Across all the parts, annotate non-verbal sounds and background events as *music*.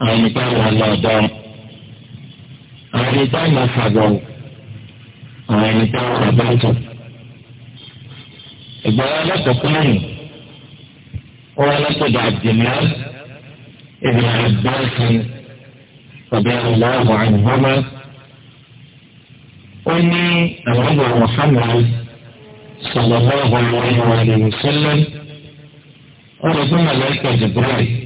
àwọn ẹni táwọn ọlọ́dọ́ àwọn ẹni táwọn ọ̀fàgọ́ àwọn ẹni táwọn ọ̀bẹ́ntò. ìgbọ́n alákọ̀ọ́kọ́ yìí ó wá lọ́sọ̀dọ̀ àdìmọ́ ابن عباس رضي الله عنهما أني الرجل محمد صلى الله عليه lọ وسلم أرسل ملائكة جبريل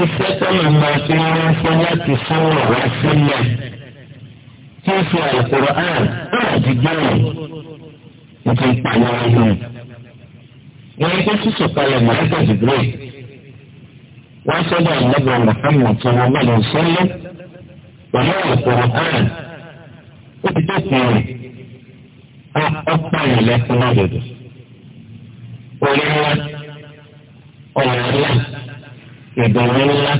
iṣẹ́ tọ́lọ̀ máa fi ránṣẹ́ láti sọ̀rọ̀ wá sílẹ̀ tí ó fi àìkúrò àn náà ti gbẹ̀rẹ̀ nítorí ìpàlẹ́ ayé wọn kó sísọ kalẹ̀ mọ̀lẹ́kà dìgbò wọ́n sọ́dọ̀ àlẹ́bọ̀ Muhammad tí wọ́n gbọ́dọ̀ sọ́lẹ̀ pẹ̀lú àìkúrò àn ó ti tó kùn rẹ̀ ọ̀pá ìlẹ́kùn náà dòdò. Olúwa ọ̀rọ̀ ńlá ìdùnnú ńlá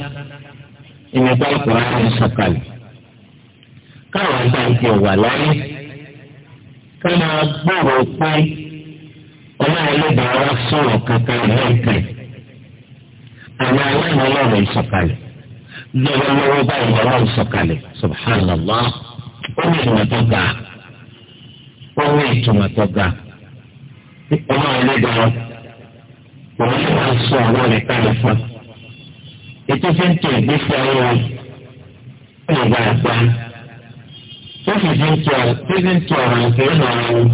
ìmẹ̀tọ́ ìkùnrin ní sọ̀kalẹ̀ káwọn ọba ìdí ọ̀wà láyé ká máa gbòòrò pé ọlọ́ọ̀lẹ́bàá wa sọ̀rọ̀ kankan lẹ́ẹ̀kan àwọn aláìní ọlọ́ọ̀rọ̀ ìsọ̀kalẹ̀ lọ́wọ́lọ́wọ́ báyìí ọlọ́ọ̀rọ̀ ìsọ̀kalẹ̀ subhanallah ó ní ìtumọ̀ tó ga ó ní ìtumọ̀ tó ga ọlọ́ọ̀lẹ́bàá ọlọ́ọ̀lẹ́bàá sọ àwọn ìkàlẹ̀ fún ètò fi ń tò ìgbésí ayé wa ó lè gbára pa ó sì fi ń tò ó fi ń tò ọ̀rọ̀ ìkéré náà wọn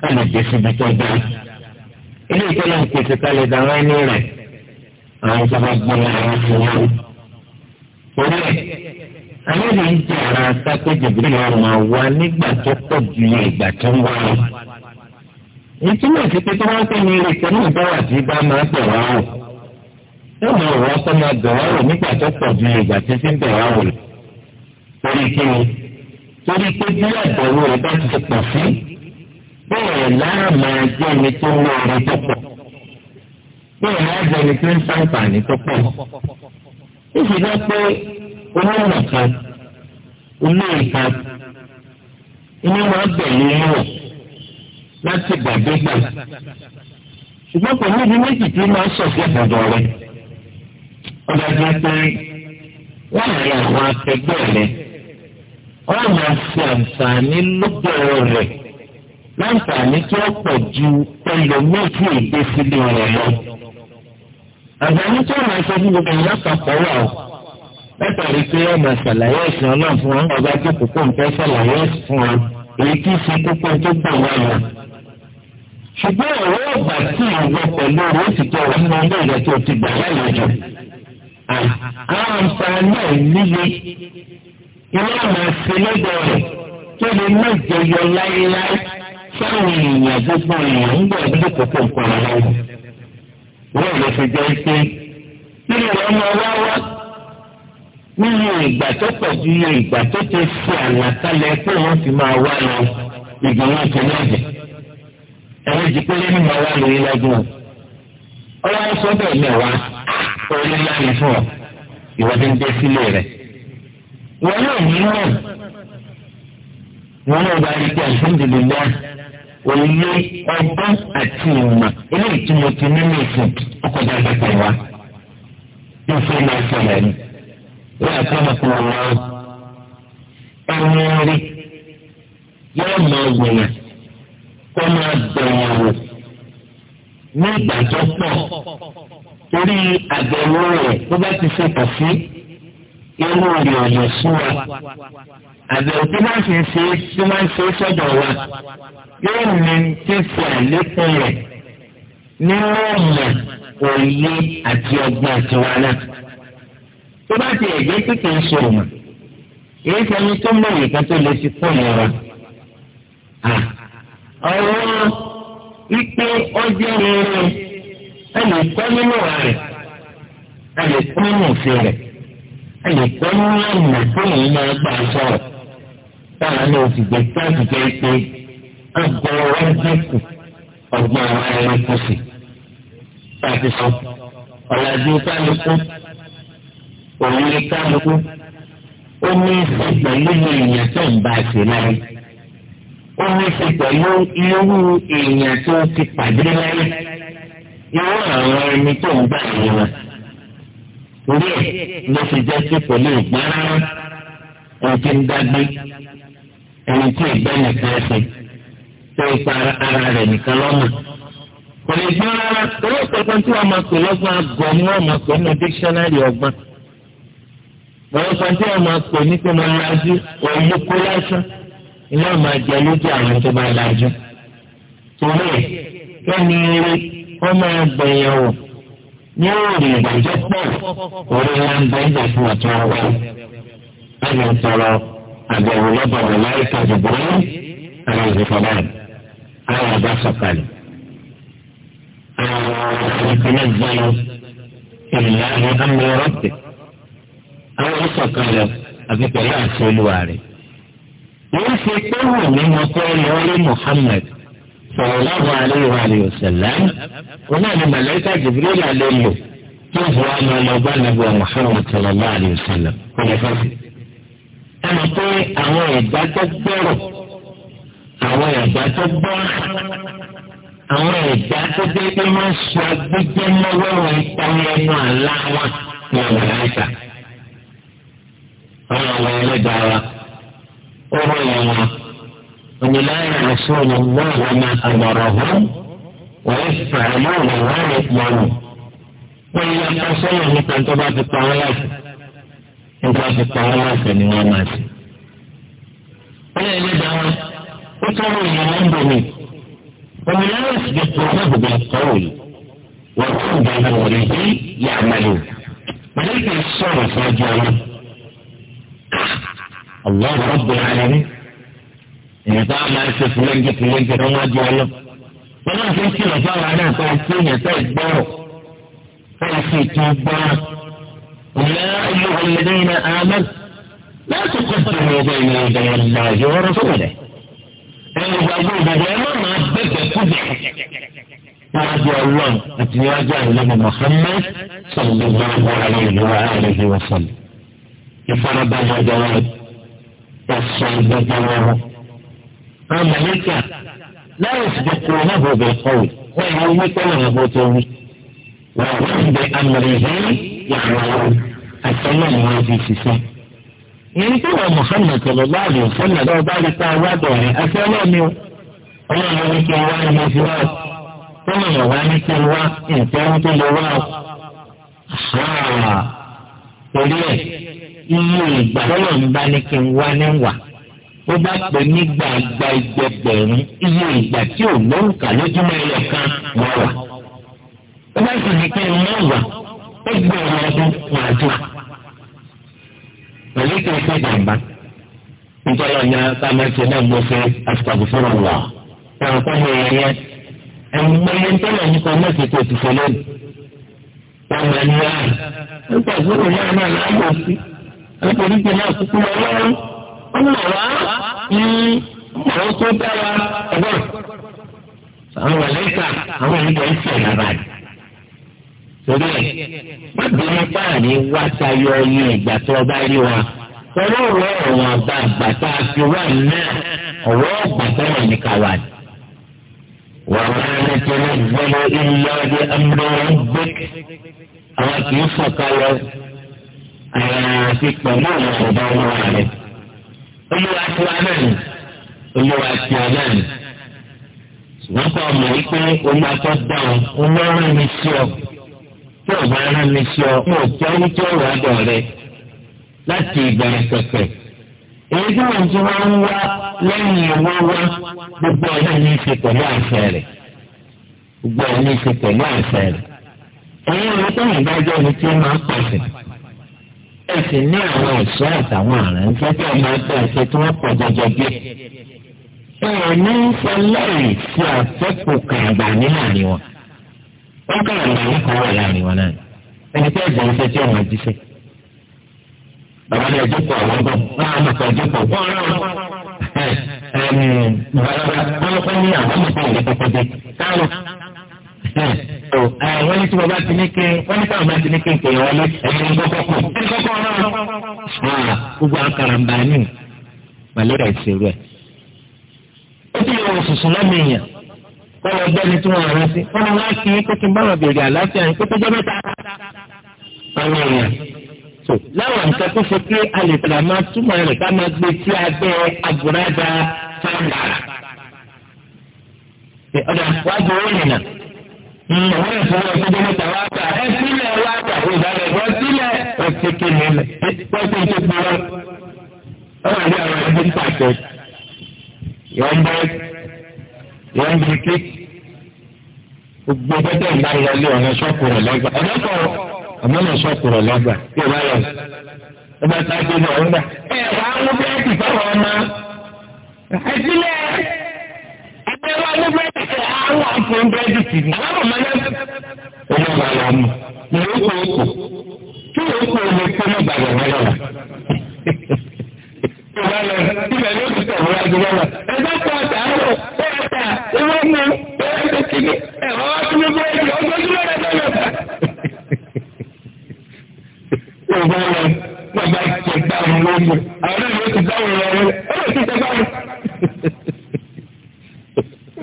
ká lè dé síbi tó dá ilé ìtọ́lá ń pèsè ká lè dáná ẹni rẹ̀ àwọn ìjọba gbọ́n àwọn fún wọn. orí ẹ̀ àwọn èdè ń jẹ ara sápẹ́ jìbìrì náà máa wá nígbà tó pọ̀ ju ìgbà tó ń wá lọ. ìtumọ̀ sí pé tí wọ́n ní ìrètí náà bá yóò máa wọ ọsọ máa dọ̀ wá wò nígbà tó pọ̀ ju ìgbà tí ti ń bẹ̀ wá wò lọ. torí kí ni torí pé bí àbẹ̀wò rẹ̀ bá ti pọ̀ sí bẹ́ẹ̀ lára máa jẹ́ ẹni tó ń lọ ọ̀rẹ́ tó pọ̀ bẹ́ẹ̀ lára jẹ́ ẹni tó ń sàǹfààní tó pọ̀. ìṣèjọ pé olóòrùn kan olóòrùn kan inú máa bẹ̀lú yíwọ̀ láti gbàgbégbà ṣùgbọ́n pẹ̀lú ibi méjì tí máa ń sọ̀kẹ́ ọ̀dọ̀ rẹ̀ ọba jẹ́ pé láàrin àwọn akẹgbẹ́ rẹ̀ wọ́n máa ṣe àǹfààní lọ́gbọ̀ọ́ rẹ̀ láǹfààní tí ó pọ̀ ju ẹlòmíì tí èdè sílé rẹ̀ lọ. àǹfààní tí wọ́n máa ṣe fún gbogbo ìyá papọ̀ wà ó látàrí pé wọ́n máa ṣàlàyé ẹ̀sìn ọlọ́run fún wọn ọba tó kókó nǹkan ṣàlàyé ẹ̀sìn fún wọn èyí tí ṣe kókó tó gbà wá wọn. ṣùgbọ́n ọ̀rọ̀ ọ̀gbà tí ìwọ pẹ̀lú rẹ̀ ó ti tọ̀ àwọn àǹfààní ẹ̀ níye ilé àmà ìfẹ́lẹ́dọ̀ rẹ̀ tó lè má jẹyọ láéláé sáwọn èèyàn gbogbo èèyàn ń bọ̀ nínú kókó nǹkan aláwọ̀. wọ́n lè fi jẹ́ pé nínú ọmọ wa wá nínú ìgbà tó pọ̀ ju iye ìgbà tó ti fi àlàkalẹ̀ pé wọ́n fi máa wá lọ ìgbà wọn ti lọ́jẹ̀. ẹ̀rọ ìdíkọ́lé ní màá wá lórí lájú wọn. ọlọ́wọ́ sọ́dọ̀ mẹ́wàá orí ńlá yìí fún ọ ìwọ ti ń dé sílé rẹ wọn náà ní mọ wọn náà bá rí pé alhamdulillah òye ọgbọ́n àti ìmọ̀ eléyìí tí mo ti nínú ìfún ọkọ̀ dàgbà pẹ̀lú wa ní ìfún ìlú ìfọ̀lẹ̀ ni wọ́n àti ọmọkùnrin wọn ẹni rí yóò mọ ọgbìnà kó máa bẹ̀rẹ̀ wò ní ìgbà tó pọ̀ orí àgbẹ̀wò rẹ̀ tó bá ti ṣe kà sí irú rẹ̀ ọ̀yọ̀ sún wa. àbẹ̀wò tó bá ṣe ṣe tó máa ń ṣe sọ́dọ̀ wa yóò ní tí fi àlékún rẹ̀ nínú ọ̀mà òye àti ọgbọ́n tiwa náà. tó bá ti ẹ̀jẹ̀ tí kì í ṣe ọ̀mà èyí sẹ́ni tó mọ̀yì kan tó lè ti kọ́ ìlera. ọ̀rọ̀ wípé ọjọ́ rere ẹ lè kọ́ nínú rẹ̀ ẹ lè kọ́ nínú òfin rẹ̀ ẹ lè kọ́ nínú ọ̀nà tó yìí máa gbà sọ̀rọ̀ táwọn náà sì gbé káàdì jẹ́ pé agbọ̀rọ̀ wọn dínkù ọgbọ́n àwọn ẹranko sí láti sọ ọ̀làjú kálukú òun kálukú ó ní í ṣe pẹ̀lú èèyàn tó ń bá a ṣe láyé ó ní í ṣe pẹ̀lú tó ti pàdé láyé irú àwọn ẹni tó ń gbà ní wọn. orí ẹ̀ ló fi jẹ́ sí kò lè gbá rárá wọn ti ń dágbé ẹni tí ìgbẹ́ nìkan ṣe tó ipa ara rẹ̀ nìkan lọ́nà. kò lè gbá rárá orí ìpẹ́kọ̀ tí wọ́n máa pè lọ́gbọ́n àgọ́ ni wọ́n máa pè ní dictionary ọgbọ́n. wọ́n sọ tí wọ́n máa pè ní pé mo lajú òun ló kó lásán ilé ọmọ àjẹ lójú àwọn tó bá lajú. torí ẹ̀ kẹ́ni eré. wọ́n máa gbẹ̀yàn o ní òòrè ìgbàjọ́ pọ̀ orí ńlá ìgbà fún ọ̀tún ọgbà láti ń tọrọ àbẹ̀wò lọ́bọ̀dọ̀ láì tàbí bọ́ọ̀lù àwọn ìdìfọ̀dà àwọn ọ̀dà sọ̀kalẹ̀ àwọn ìpínlẹ̀ gbẹ̀yàn ìlànà àmì ọ̀rọ̀tẹ̀ àwọn ìsọ̀kalẹ̀ àti pẹ̀lú àti olúwa rẹ̀. wọ́n fi pé wù mí mọ́kọ́ lọ́ọ́lẹ́ Muhammad sallallahu alaihi wa alihi wasallam ọ̀nà ni màláíkà Jibril lè lò tó fún wa máa lọ bá nàbẹ̀ Muhammad sallallahu alaihi wasallam ọ̀nà fẹ́fẹ́. ẹ mọ̀ pé àwọn ẹ̀dá tó gbọ́rọ̀ àwọn ẹ̀dá tó gbọ́rọ̀ àwọn ẹ̀dá tó dé pé wọ́n sọ agbẹ́jẹ́ mọ́wọ́rọ̀ ìtàn ẹnu ní àwọn ẹ̀dá ọ̀nà àwọn ẹlẹ́dàá wa ó rọ̀ yẹn wọn. أن لا يعصون الله ما أمرهم ويفعلون ما يأمرون وإذا قصوا مثل تبع في الطاولات تبع في الطاولات النوامات ولا يدعوا وكانوا ينامون ومن لا يسبقونه بالقول بين بأمره يعملون ولكن الصورة رجعوا الله رب العالمين èèyàn táwọn máa ń ṣe fúlẹ́ńgì fúlẹ́ńgì tó wọ́n ju ọlọ́. wọ́n náà fi ń kìlọ̀ fáwọn aláǹkọ́ àti èèyàn tẹ́ gbọ́rọ̀ fẹ́ẹ́ fi tún gbọ́rọ̀. ọ̀lẹ́ ìlú ọ̀lẹ́dẹ́ iná amẹ́n láti kọ́ sọ̀rọ̀ ọgbẹ́ ìlú ọ̀dọ̀ ọ̀là ìwọ́rọ̀ sọ̀rọ̀ ẹ̀rù gbàgbọ́ ìdàgbọ́ ẹ má máa bẹ̀bẹ̀ kúbẹ̀ níwájú ọlọ́run àti níwájú àlọ́mọ Muhammad sallallahu alayhi wa alihi wa sallam ìfarabalẹ̀ ọjọ́ wọn ẹ̀sọ́ ìgbẹ́jọ́ wọn. àwọn mọ̀lẹ́kà láyé ìsìnkú kúrò náà bò bẹ̀rẹ̀ kọ̀wé wọ́n yà wí pẹ́lú àwọn bó tó wí. wọ́n wá ń bẹ amẹ̀rẹ̀hẹ́ yàrá àtẹnà wọn fi ṣiṣẹ́. ìyẹn tó wọ Muhammad sallallahu alaihi wasallam náà bá rí ká wádọ̀ rẹ̀ àtẹnà mi ò ọlọ́run ní kí wá ní fi wá tọ́lọ̀ yàn wá ní kí wá nǹkan tó lè wá ọ. torí ẹ̀ iye ìgbà tọ́lọ̀ ó bá pè ní gbàgbà ìgbẹgbẹ̀rún iye ìgbà tí ò lórúkà lójúmọ́ ilẹ̀ kan wọ́n wà. ó bá sì ní kí n mọ̀ wà ó gbé ọmọ ọdún máa dùn. pẹ̀lú kí n fẹ́ jàǹbá. nítorí ọ̀nà kámẹ́sì náà mo fẹ́ àtàkùn fún ọ̀wà. ẹ̀rọ kọ́ mi rẹ̀ yẹn. ẹ̀mú mọ́lẹ́ tẹ́lẹ̀ nípa mẹ́sì tó ti fọlẹ́ nù. wọ́n máa ń yára. nípa ìfowópamọ́ náà náà ọ̀nà wa ní àwọn tó dá wa ọgbọ́n. àwọn mọ̀lẹ́kà àwọn ìjọ ń sẹ̀ lára rẹ̀. torí ẹ̀ bàbá mi báàrí wá sayọ ọyẹ ìgbà tó ọba rí wa. ọlọ́run ọ̀rọ̀ àgbà àgbàtà fi wà náà ọ̀rọ̀ àgbàtà wà ní kàwáàdì olúwa ti wá náà ni olúwa ti wá náà ni ṣùgbọ́n kọ́ ọmọ yìí pé olúwa tó dá ọ olúwa mi sí ọ tí ọba rán mi sí ọ mo tẹ́ ní tí ọ̀rọ̀ àdọ̀ rẹ láti ìgbà pẹ̀pẹ̀ èyí tí wọ́n ti wá ń wá lẹ́yìn wá wá gbogbo ọ̀rẹ́ ní ṣe pẹ̀lú àṣẹ rẹ̀ gbogbo ọ̀rẹ́ ní ṣe pẹ̀lú àṣẹ rẹ̀ ẹ̀yin ọ̀rẹ́ tó ń dájọ́ ni tí ó máa ń pàṣẹ ẹ̀sì ní àwọn ẹ̀ṣọ́ àtàwọn àránṣẹ́ tí wọ́n máa tẹ̀ ṣe tí wọ́n pọ̀ jọjọ bí. Bẹ́ẹ̀ ní sọlẹ́rì sí àfẹ́kù kàgbà ní láàrin wọn. Wọ́n kàrà láàrin kan wà láàrin wọn náà. Ẹni tẹ́ ẹ̀jẹ̀ iṣẹ́ tí ọmọ jíṣẹ́. Bàbá ní ẹjọ́ pọ̀ àwọn bọ̀, wọ́n á máa pọ̀ fún *laughs* Eh, wọ́n ní tí wọ́n bá ti ní kí wọ́n ní táwọn bá ti ní kí nkè wọ́n lé ẹ̀yìn kọ́kọ́ kù ẹ̀yìn kọ́kọ́ náà. Ah, gbogbo akaramba ni malaria ìṣèlú ẹ̀. ó ti yọ òṣùṣù lọ́mọ èèyàn wọ́n lọ gbẹ́ni tí wọ́n rán sí wọ́n lọ kí kó kí n bá wọn bèrè àlàáfíà yìí kó tó jẹ́ mẹ́ta. àwọn èèyàn tó láwọn nǹkan tó ṣe pé a lè tẹ̀lé máa túmọ̀ rẹ̀ ká máa gbé sí ìyàwó ìfowó ìfowó mẹ́ta wá kà ẹ sílẹ̀ wá kà ìbálẹ̀ wọ́n sílẹ̀ ẹ̀sìn kìíní lẹ̀ wọ́n ti ti pọ̀ ọ́ wọ́n rí àwọn ẹbí pàṣẹ yọ̀ọ́ bá yọ̀ọ́ bí kí gbogbo bẹ́tẹ̀ ìgbà ìyálé ọ̀nà ṣọ́ọ̀kù rẹ̀ lọ́gbà ọ̀nà kọ̀ ọ̀nà náà ṣọ́ọ̀kù rẹ̀ lọ́gbà yóò wà fún bírẹ́dìtì ní aláwọ̀ mọ́lẹ́ ọmọ bàbá mi lórí kò kò tí lórí kò lè kọ́ ní bàbá mi lọ́wọ́. ìbálẹ̀ ìbẹ̀ ló ti tẹ̀ wọ́n adé lọ́wọ́ ẹgbẹ́ kan ọ̀tà àárọ̀ ó ọ̀tà ìwé mi bẹ́ẹ̀ tó ti ní ẹ̀rọ wá sí mi bírẹ́dì ọjọ́ sí lọ́rẹ́ lọ́wọ́. ìbálẹ̀ bàbá ti dáhùn lóyún àwọn ìwé ti dáhùn lọ́wọ́ ó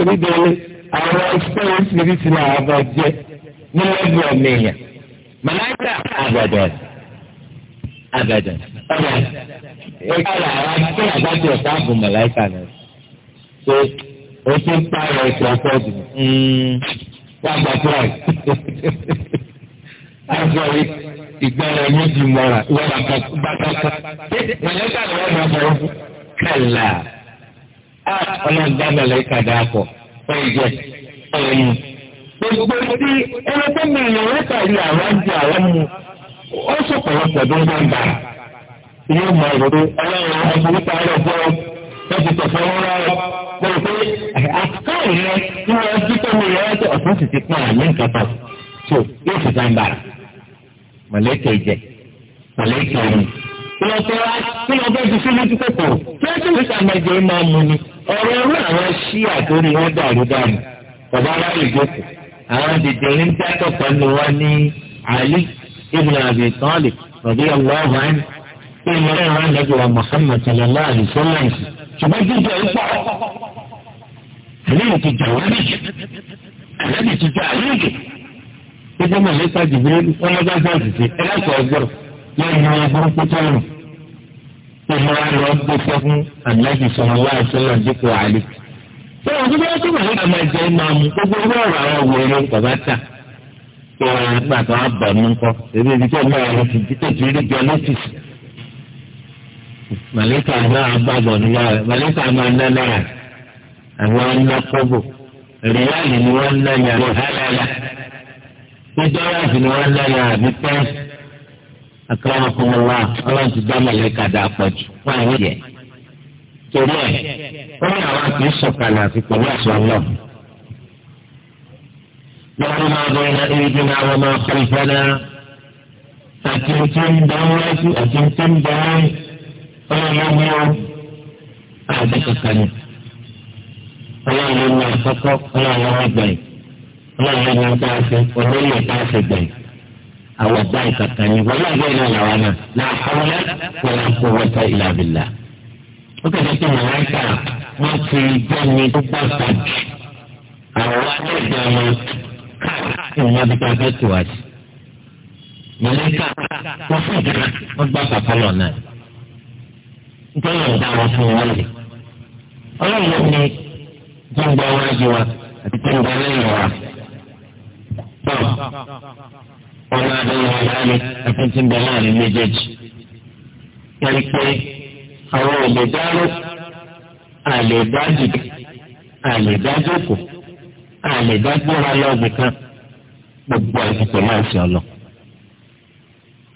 lè ti tẹ àwọn experience níbi tí náà àbọ̀ jẹ́ ní lẹ́gbẹ̀ẹ́ ọmọ èèyàn màláìka àgàdàn àgàdàn ọ̀rẹ́ ẹ̀ka làwọn akẹ́ àbájọ ọ̀tá àbò màláìka náà ṣe o ti ń pààrọ̀ ètò àpọ̀jù wà gbàgbọ́ ẹ̀ àgbọ̀ yìí ìgbàlẹ̀ méjì mọ́ra ìwọ́n bàtàkà màláìka ni wọ́n máa bọ̀ kàlà ah, ọlọ́run dá màláìka dáa pọ̀ ẹ̀jẹ̀ ẹ̀yìn gbogbo tí ẹni tó mi ìlú látàrí àwọn àjẹ àwọn mu ó sì pọ̀lọpọ̀ tó ń bá ń bà yóò mọ ìròdó ọlọ́run ọkùnrin ta ọ̀rọ̀ fún ọ lọ́sì tọ̀sán wọn rárá pé pé àkáì rẹ tí wọ́n ti tó mi rẹ ọ́sẹ̀ ọ̀sán sì ti pọ́n àmì nǹkan kan tó yóò sì dá ń bà mọ̀lẹ́kẹ̀ ìjẹ mọ̀lẹ́kẹ̀ ìrìn kí lọ́ọ́ ọ̀rọ̀ ẹrú àwọn ṣí àtórí wọn dàrú dànù bàbá aráàlú ìjókòó àwọn dìde ní dátọ̀ pẹ̀lú wọn ní Ali ibn Abi Talib radiyallahu anhu pé ìmọ̀ràn ìwà nàbí wa Muhammad sallallahu alayhi wa sallam ṣùgbọ́n jíjẹ ń pọ̀ àlejò ti jà wọ́n níjì àlejò ti jà àlejò gbogbo mọ̀lẹ́ta jìbìrì wọn lọ́gbàgbà òṣìṣẹ́ ẹlẹ́kọ̀ọ́ gbọ́rọ̀ lẹ́yìn ọgbọ́n pọ́tọ́rọ̀ tó máa ń lọ gbé fún ànábì sọ̀rọ̀ wá ìṣẹ̀lẹ̀ dípò àlè. ṣé o gbọ́dọ̀ tó máa ń gbà máa jẹ máa mú gbogbo owó ọ̀rọ̀ àwọn wèrè bàbá tà kí wọ́n á gbà tó á bà mí kọ́ ebi ibi tó máa lọ sí títẹ̀ tí ó jọ lọ́fíìsì. màlẹ́kà náà gbàgbọ́ nílá rẹ̀ màlẹ́kà máa ná náà àwọn ọ̀nà kọ́bù rìyáàlì ni wọ́n ná ní akọ́nàkọ́nàlá ọlọ́run ti dá mọ̀lẹ́kà dá pọ̀jù fún àwọn yẹn. torí ẹ̀ wọ́n ní àwọn àti sọ̀kalẹ̀ àti pẹ̀lú àṣọ náà. lọ́wọ́ máa bẹ̀rẹ̀ náà ẹni tí náà wọ́n máa kọ́ ìfẹ́ náà. àti tí ń bá wájú àti tí ń bá ọlọ́run ní o àti kankan ni. ọlọ́run ní àkọ́kọ́ ọlọ́run ní ọgbẹ̀yìn ọlọ́run ní ọgbẹ̀yìn àwọn ọ̀dà ìkàkà ni wọ́n yà bẹ́ẹ̀ náà làwọn náà náà àwọn náà wọ́n kó wọ́tá ìlà bìlà. ó kẹ́kẹ́ tó mọ̀ láì kà wọ́n ti jẹ́ni tó bá gbà jù àwọn ẹgbẹ́ wọn káàkiri wọn bí ká bẹ́ẹ̀ tó wá sí. mọ̀lẹ́kà wọ́n fún ìdíra wọ́n gbà pàpàlọ̀ náà. nítorí ọ̀dà wọn fún wọn lè. ọlọ́run ni jẹ́ǹgbà wájú wa àti jẹ́ǹgbà lẹ́yìn wa ọmọ abẹ́rẹ́ ọ̀làní àti ti ń bẹ láàrin méjèèjì. Yẹ́nì pé àwọn òlè dáró, àlè dájú, àlè dájú kù, àlè dájú ra lọ́ọ̀gbìn kan, gbogbo àtìpẹ̀ máa ṣe ọlọ.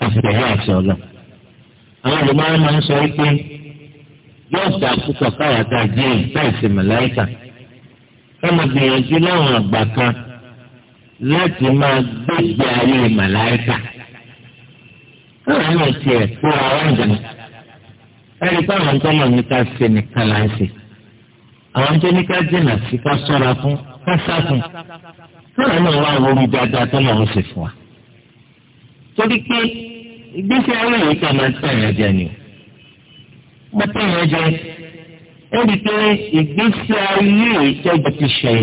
Àtìpẹ̀ máa ṣe ọlọ. Àwọn olùmọ̀ràn máa ń sọ wípé yóò dà púpọ̀ káyàtà díẹ̀ láìsí màláìkà. Ẹ máa gbìyànjú láwọn àgbà kan láti máa gbégbé ayé màláìka káwọn àmì tiẹ̀ kó àwọn ìjọba ẹni káwọn tó lọ ní ká ṣe nìkan là ń ṣe àwọn tó ní ká jìnnà sí ká ṣọ́ra fún ká sá fún káwọn náà wà lórí dáadáa tó lọ́wọ́ ṣe fún wa. torí pé ìgbésí ayé yìí kà máa ń tàn yẹn jẹ ni mo tàn yẹn jẹ ó rí i pé ìgbésí ayé yìí jẹ́ ti ṣe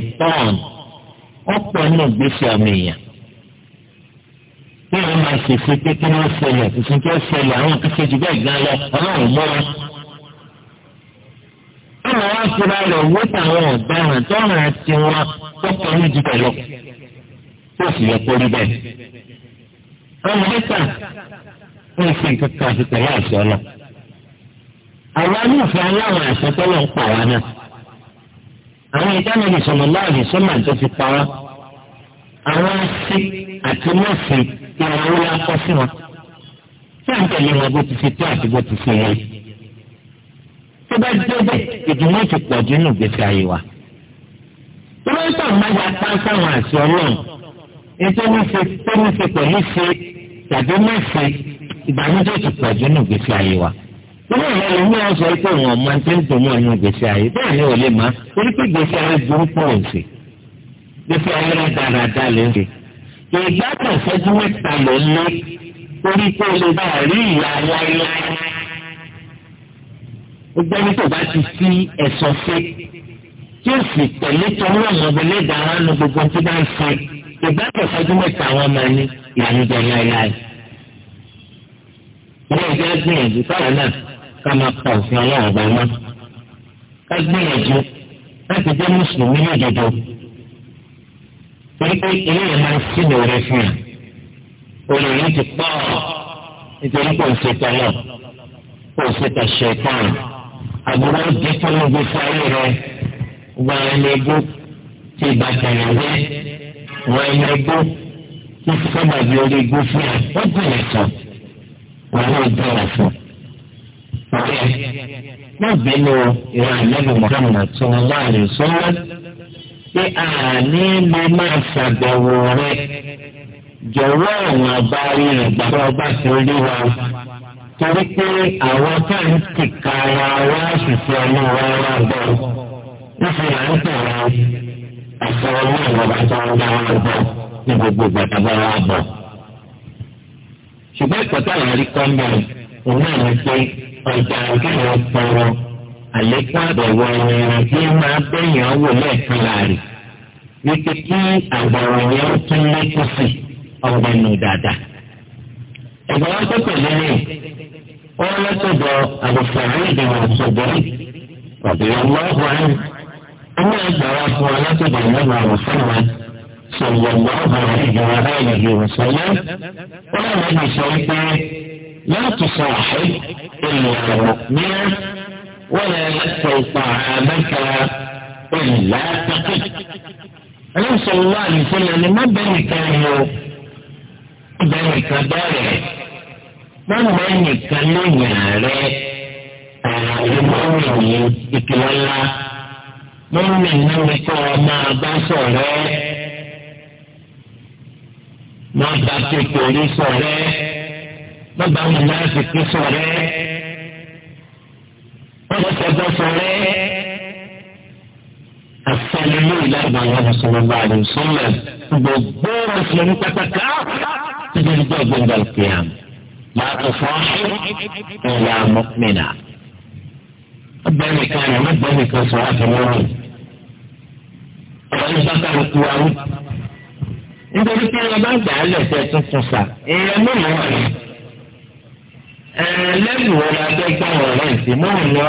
ọ̀pọ̀ nínú ìgbésí ọmọ èèyàn bí wọ́n máa ṣèṣe pé kí wọ́n ṣẹlẹ̀ tuntun kí wọ́n ṣẹlẹ̀ àwọn akẹ́kẹ́ jù bẹ́ẹ̀ gan lọ ọlọ́run mọ́ wọn. àwọn wá fúra rẹ̀ wó táwọn ọ̀daràn tọ́ràn ti wọn tọ́kọ ní jù pẹ̀lú tó sì yẹ kó rí bẹ́ẹ̀. àwọn mẹ́ta ń fi nǹkan kan àti pẹ̀lú àṣẹ ọlọ. àwọn anífẹ́ aláwọ̀ àṣẹ tọ́lọ̀ ń pa wá náà àwọn ìdáná ní sọmọlá àbí sọmọ àti ti pa wá àwọn ṣe àti mọ̀ọ́sì ìrànwọ́ la kọ́ sí wọn tí à ń tẹ̀lé wọn bó ti fi tó àti bó ti fi yẹ. tó bá dé bẹ́ẹ̀ ìdùnnú ti pọ̀ jù nínú ìgbésí ayé wa. tó bá ń sọ̀rọ̀ máa ya pátá wọn àti ọlọ́run ètò níṣe tó níṣe pẹ̀lú ṣe tàbí mọ̀ọ́sì ìbànújẹ́ ti pọ̀ jù nínú ìgbésí ayé wa ilé ìyàwó ní ọ̀sẹ̀ pé wọn máa ń tẹ́ ń tòmọ́ ẹ̀yìn gbèsè ayé bẹ́ẹ̀ ni ò lè má torí pé gbèsè ayé burúkú ò sí gbèsè ayé rẹ̀ dáradára lè ń ṣe ìgbàgbọ́ ìfẹ́jú mẹ́ta ló ń lé torí pé o lè bá rí ìyá láéláé ó gbẹ́ ní kò bá ti sí ẹ̀sọ́ sí tí ó sì tẹ̀lé torí ọ̀nà ọ̀bẹ̀lẹ̀ dára nu gbogbo tí bá ń ṣe ìgbàgbọ́ ìfẹ́jú mẹ́ta wọn máa ní ká máa pa òfin ọlọ́run bá mọ́ ká gbìyànjú láti jẹ́ mùsùlùmí lódodo torí pé eléyìí máa ń sílò rẹ fún yà olórí ti pọ̀ nítorí kò ń ṣe tọ́lọ̀ kò ń ṣe tán àbúrò dé fún gbogbo fáyé rẹ gba ẹni ẹgbó tí ìbá tẹ̀lé wé wọ ẹni ẹgbó tí sábàbí orí igbó fún yà ó bẹ̀rẹ̀ tán wọn yóò bẹ̀rẹ̀ fún má bínú ìwà ànábì Muhammad sallallahu alaihi wasallam pé àní lè máa ṣàbẹ̀wò rẹ̀ jọ̀wọ́ àwọn abárí rẹ̀ gbàgbọ́ bá ti rí wa torí pé àwọn tá à ń tìka ara wa ṣùṣe ọmọ wa wá gbọ́ ń fi à ń tẹ̀lé àṣọ ọmọ ìwọ̀nba tó ń bá wa gbọ́ ní gbogbo gbàgbọ́ wa bọ̀. ṣùgbọ́n ìpàtàkì àríkọ́ mẹ́rin òun náà ń pé ọ̀daràn káwọn tọrọ àlékún àbẹ̀wò ẹ̀yìn tí máa bẹ̀yìn ọ̀wọ̀ lẹ́ẹ̀kan láàrin wípé kí àbẹ̀wò yẹn ó tún lékún sí ọ̀gbẹ́nu dáadáa. ẹ̀gbọ́n wọn tó tẹ̀lé ní wọn lọ́sọ̀dọ̀ àbùfààní ìdìbò ọ̀sọ̀dọ̀ ọ̀bẹ̀yọ̀lọ́wọ́ àná ọmọ ẹgbẹ́ fún wa lọ́sọ̀dọ̀ ìlànà àbùfààní wa sọ̀rọ̀ ọ̀gbọ̀n ọ̀bẹ̀yọ̀ لا تصاحب إلا ولا يأكل طعامك إلا تقف النبي صلى الله عليه وسلم ما بنك بنك بارع ما بنك لنياري المؤمنين من مؤمنين كما بصره ما بكي كوري صره bàbá wọn náà fi pín sọ̀rẹ́ wọn lọ sẹ́gbọ́ sọ̀rẹ́ afẹ́lẹ́lẹ́ ìlànà àwọn mùsùlùmí àdùn sọ́lẹ̀ gbogbo mùsùlùmí pátákà títí nígbà gbẹ̀ngà kìíyàm máa tó fọ́ ìlà mọ́kùnmínà. ọgbẹ́ni kan ní ọgbẹ́ni kan sọ̀rọ̀ àtẹ̀wọ́rọ̀ ọ̀rọ̀ ìgbà kan kú wa wí. nítorí pé ọba gbà á lẹ̀ tẹ̀ tuntun sà èèyàn mélòó wà ní lẹ́yìn wo la bẹ́ gbà wọ́n rẹ̀ sí mọ́ ọ̀nà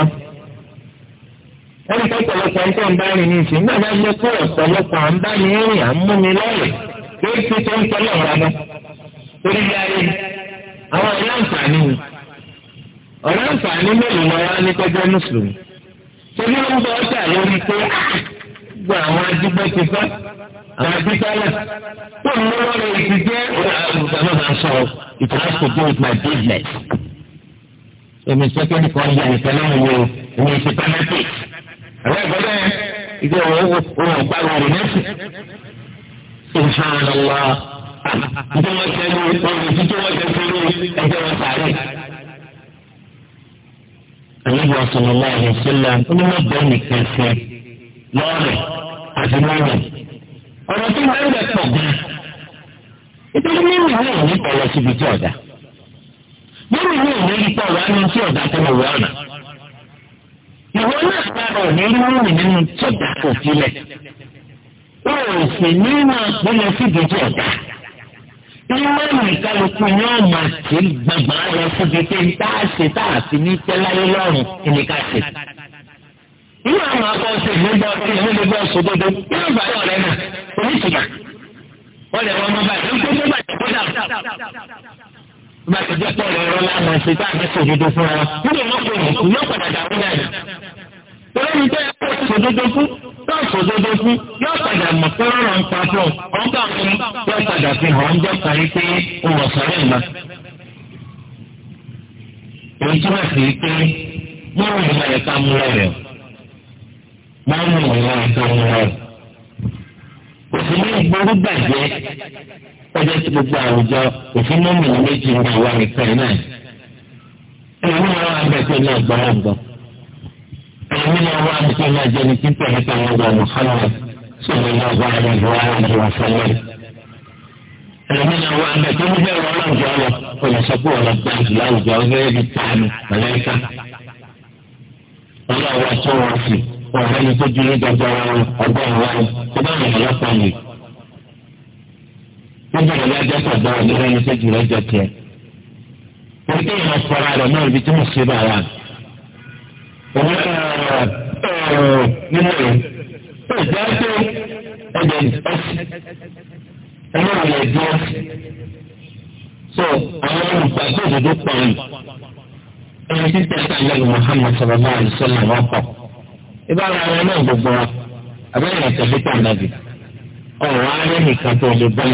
ẹni pọ̀lọpọ̀ nǹkan ń bá rìn ní ìsìn náà lọ́ọ́ lọ́kọ́ ọ̀pọ̀lọpọ̀ à ń bá ní rìn à ń mú mi lọ́rẹ̀ yóò fi tó ń tọ́lọ̀ ra mọ́ torí bí ayé àwọn ọ̀rẹ́ àǹfààní ni ọ̀rẹ́ àǹfààní mélòó lọ wá ní tọ́jọ́ mùsùlùmí torí ó ń bọ ọjà lórí pé ah, gbọ́ àwọn adigbọ́ ti fẹ́ àwọn adigbọ́lẹ̀ pọ̀ ní wọ́n lè ti jẹ́ ìtàlọ́sọ̀rọ̀ it has to do with my business èmi sẹ́kẹ́ndì kan yà nìkan náà wò èmi ìṣe pẹ́nẹ́tì. àwọn ìgbọ́dọ̀ ìgbẹ́ òun ọ̀pá rẹ̀ nẹ́sì. sùnfàlọ́wọ́ ǹjẹ́ wọ́n ṣe ní ọ̀rọ̀ ìdíjẹ́ wọ́n ṣe fún mi ẹgbẹ́ wọn sàárẹ̀. àlejò ọ̀sánlọ́wọ́ àyè sílẹ̀ onímọ̀bẹ́ nìkan ṣe lọ́ọ̀rẹ̀ àti lọ́ọ̀rẹ̀. ọ̀rọ̀ tó máa ń bẹ̀ pọ̀ gan-an. nítorí mímu àwọn òní lórí ìwé ìwé ìtọ́ wa ní tí ọ̀dà tó wọ̀ ọ̀nà. ìwọ náà dára òní lórí nínú tí ọ̀dà kò sílẹ̀. ó sì nínú àpẹẹrẹ síbi tí ọ̀dà. ìwọ nìkálukú ni ó máa ti gbàgbà lọ síbi tí ń tá a ṣe tá a fi ní tẹ́láyé lọ́rùn ìníkà ṣe. ìwọ àwọn akọ́ṣe nígbà tí ìlú lè bọ́ sódodo yóò bá yọ̀ rẹ̀ náà oníṣìgà. wọ́n lè wọ́n mọ́ báyìí bá ti jẹ́ pọ̀ lọ́rọ́ lánàá ṣe tá a fi ṣòdodo fún wa nígbà wọn kò yìí yóò padà dàrú náà ni. olórí tẹ́ ẹ kó ṣòdodo fún tó ṣòdodo fún yóò padà mọ̀ pé wọ́n rán pa fún ọ̀n bá fún yóò padà fi hàn án jẹ́ parí pé ó wọ̀ sọ́rọ́ ìmọ̀. èyí tí wọ́n fi pé wọ́n rún ìmọ̀ ẹ̀ ká mú lọ́rẹ̀ wọ́n rún ìmọ̀ ẹ̀ ká mú lọ́rẹ̀ òṣèlú ìgboro gbàgbé ẹjẹ tí gbogbo àwùjọ òfin mọ́mì ní méjì ń bá wa nìkan náà ẹ̀rọ náà wà bẹ̀tẹ̀ náà gbọ́nàgbọ́ ẹ̀rọ náà wà bẹ̀tẹ̀ náà jẹni tí pẹ̀lú táwọn ọgbà Muhammad sọ̀rọ̀ náà wà lẹ́yìn wà lẹ́yìn wà sẹ́lẹ̀ ẹ̀rọ náà wà bẹ̀tẹ̀ ní bẹ́ẹ̀ wọ́n lọ́jọ́ lọ olùsọ́kù ọ̀rọ̀ gbàǹdì láwùjọ ọ̀rẹ́ bí tààmì mọ̀lẹ́ka ọlọ́wọ́ tó wọ́n fi ọ̀rẹ́ gbàgbọ́ ọgbà nígbà yẹn lọ́jọ́ sọ̀gbọ́ ọ̀dọ́rẹ́ ní sẹ́jú lọ́jọ́ tiẹ̀. Orí kéèyàn máa fọ́ra rẹ̀ náà ibi tí mo ṣe bá wà. Òun nínú rẹ̀ ó jẹ́ pé ọjọ́ ìfọ́sí ẹ̀rọ rẹ̀ jẹ́ ọ̀sì. So àwọn olùgbàgbọ́ òdodo pọ̀ yìí. Ẹni tí tẹ̀sán lẹ́nu Muhammad sallallahu alaihi wasallam wọ́n pọ̀. Ibára àwọn náà gbogbo wa, àbẹ́rẹ́ ìtẹ̀lẹ́tà ọ̀rọ̀ arẹ́ nìkan tó lè bá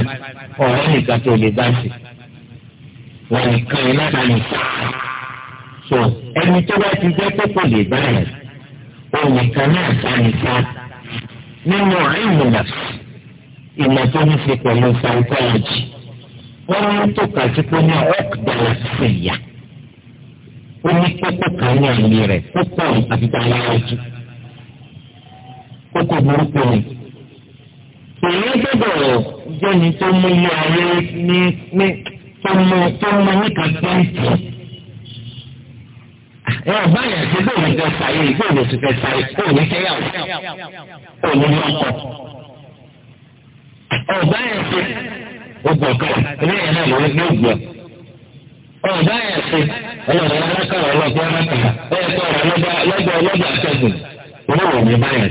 ọ̀rọ̀ nìkan tó lè bá sí wọn nìkan iná bá ní sáà so ẹni tó bá ti jẹ́ pé kò lè bá rẹ̀ òun nìkan náà bá ní sáà nínú àìmọ̀nà ìmọ̀ tó ní ṣe pẹ̀lú psychology wọ́n mú tó kà sí pé ní ọ̀kadà sí ìyá ó ní kókó kan ní àmì rẹ̀ kókó àbíkà aláwọ̀ jù kókó burúkú ni èyí gbọ́dọ̀ jẹ́ni tó mú ilé ayé ní ní tó mú tó mú ní kàtẹ́ǹtì. ẹ ò bá yàn sí bóòlù fẹ́ sáyé bóòlù sì fẹ́ sáyé bóòlù kẹ́yàwó bóòlù lọ́kọ̀. ọ̀ bá yàn sí ọgbọ̀n kan ẹlẹ́yìn náà lórí ní ọgbọ̀n. ọ̀ bá yàn sí ọlọ́run alákàrà ọlọ́gbọ́n alákàrà ẹ̀ ẹ̀kọ́ ọ̀rọ̀ lọ́gbà lọ́gbà lọ́gbà àtẹ̀gùn olóòwò ní bá yàn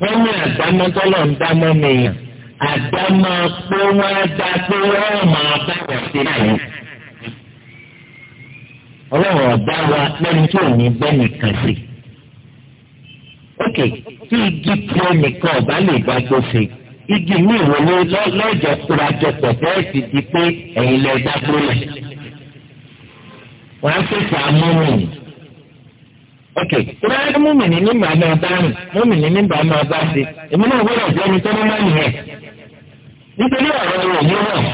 wọ́n ní àdámọ́ tọ́lọ̀ ń dámọ́ nìyàn àdámọ́ pé wọ́n dá pé wọ́n máa bá wà sí àyè. ọlọ́run ọ̀dá wa lẹ́nu tí ò ní bẹ́ nìkan sí. ókè tí igi tí ó nìkan ọ̀bá lè bá tó ṣe igi ní lọ́jọ́ kúrajọpọ̀ bẹ́ẹ̀ sì di pé ẹ̀yin lẹ́ẹ̀dá gbólẹ̀. wọ́n á fẹ́sẹ̀ amúnú yìí ok tó bá yẹ múmìnì ní bàá máa bá rìn múmìnì ní bàá máa bá ṣe èmi náà gbọ́dọ̀ jẹ́ ẹni tó ní máa nìyẹn nítorí ọ̀rọ̀ rẹ̀ yóò wọ̀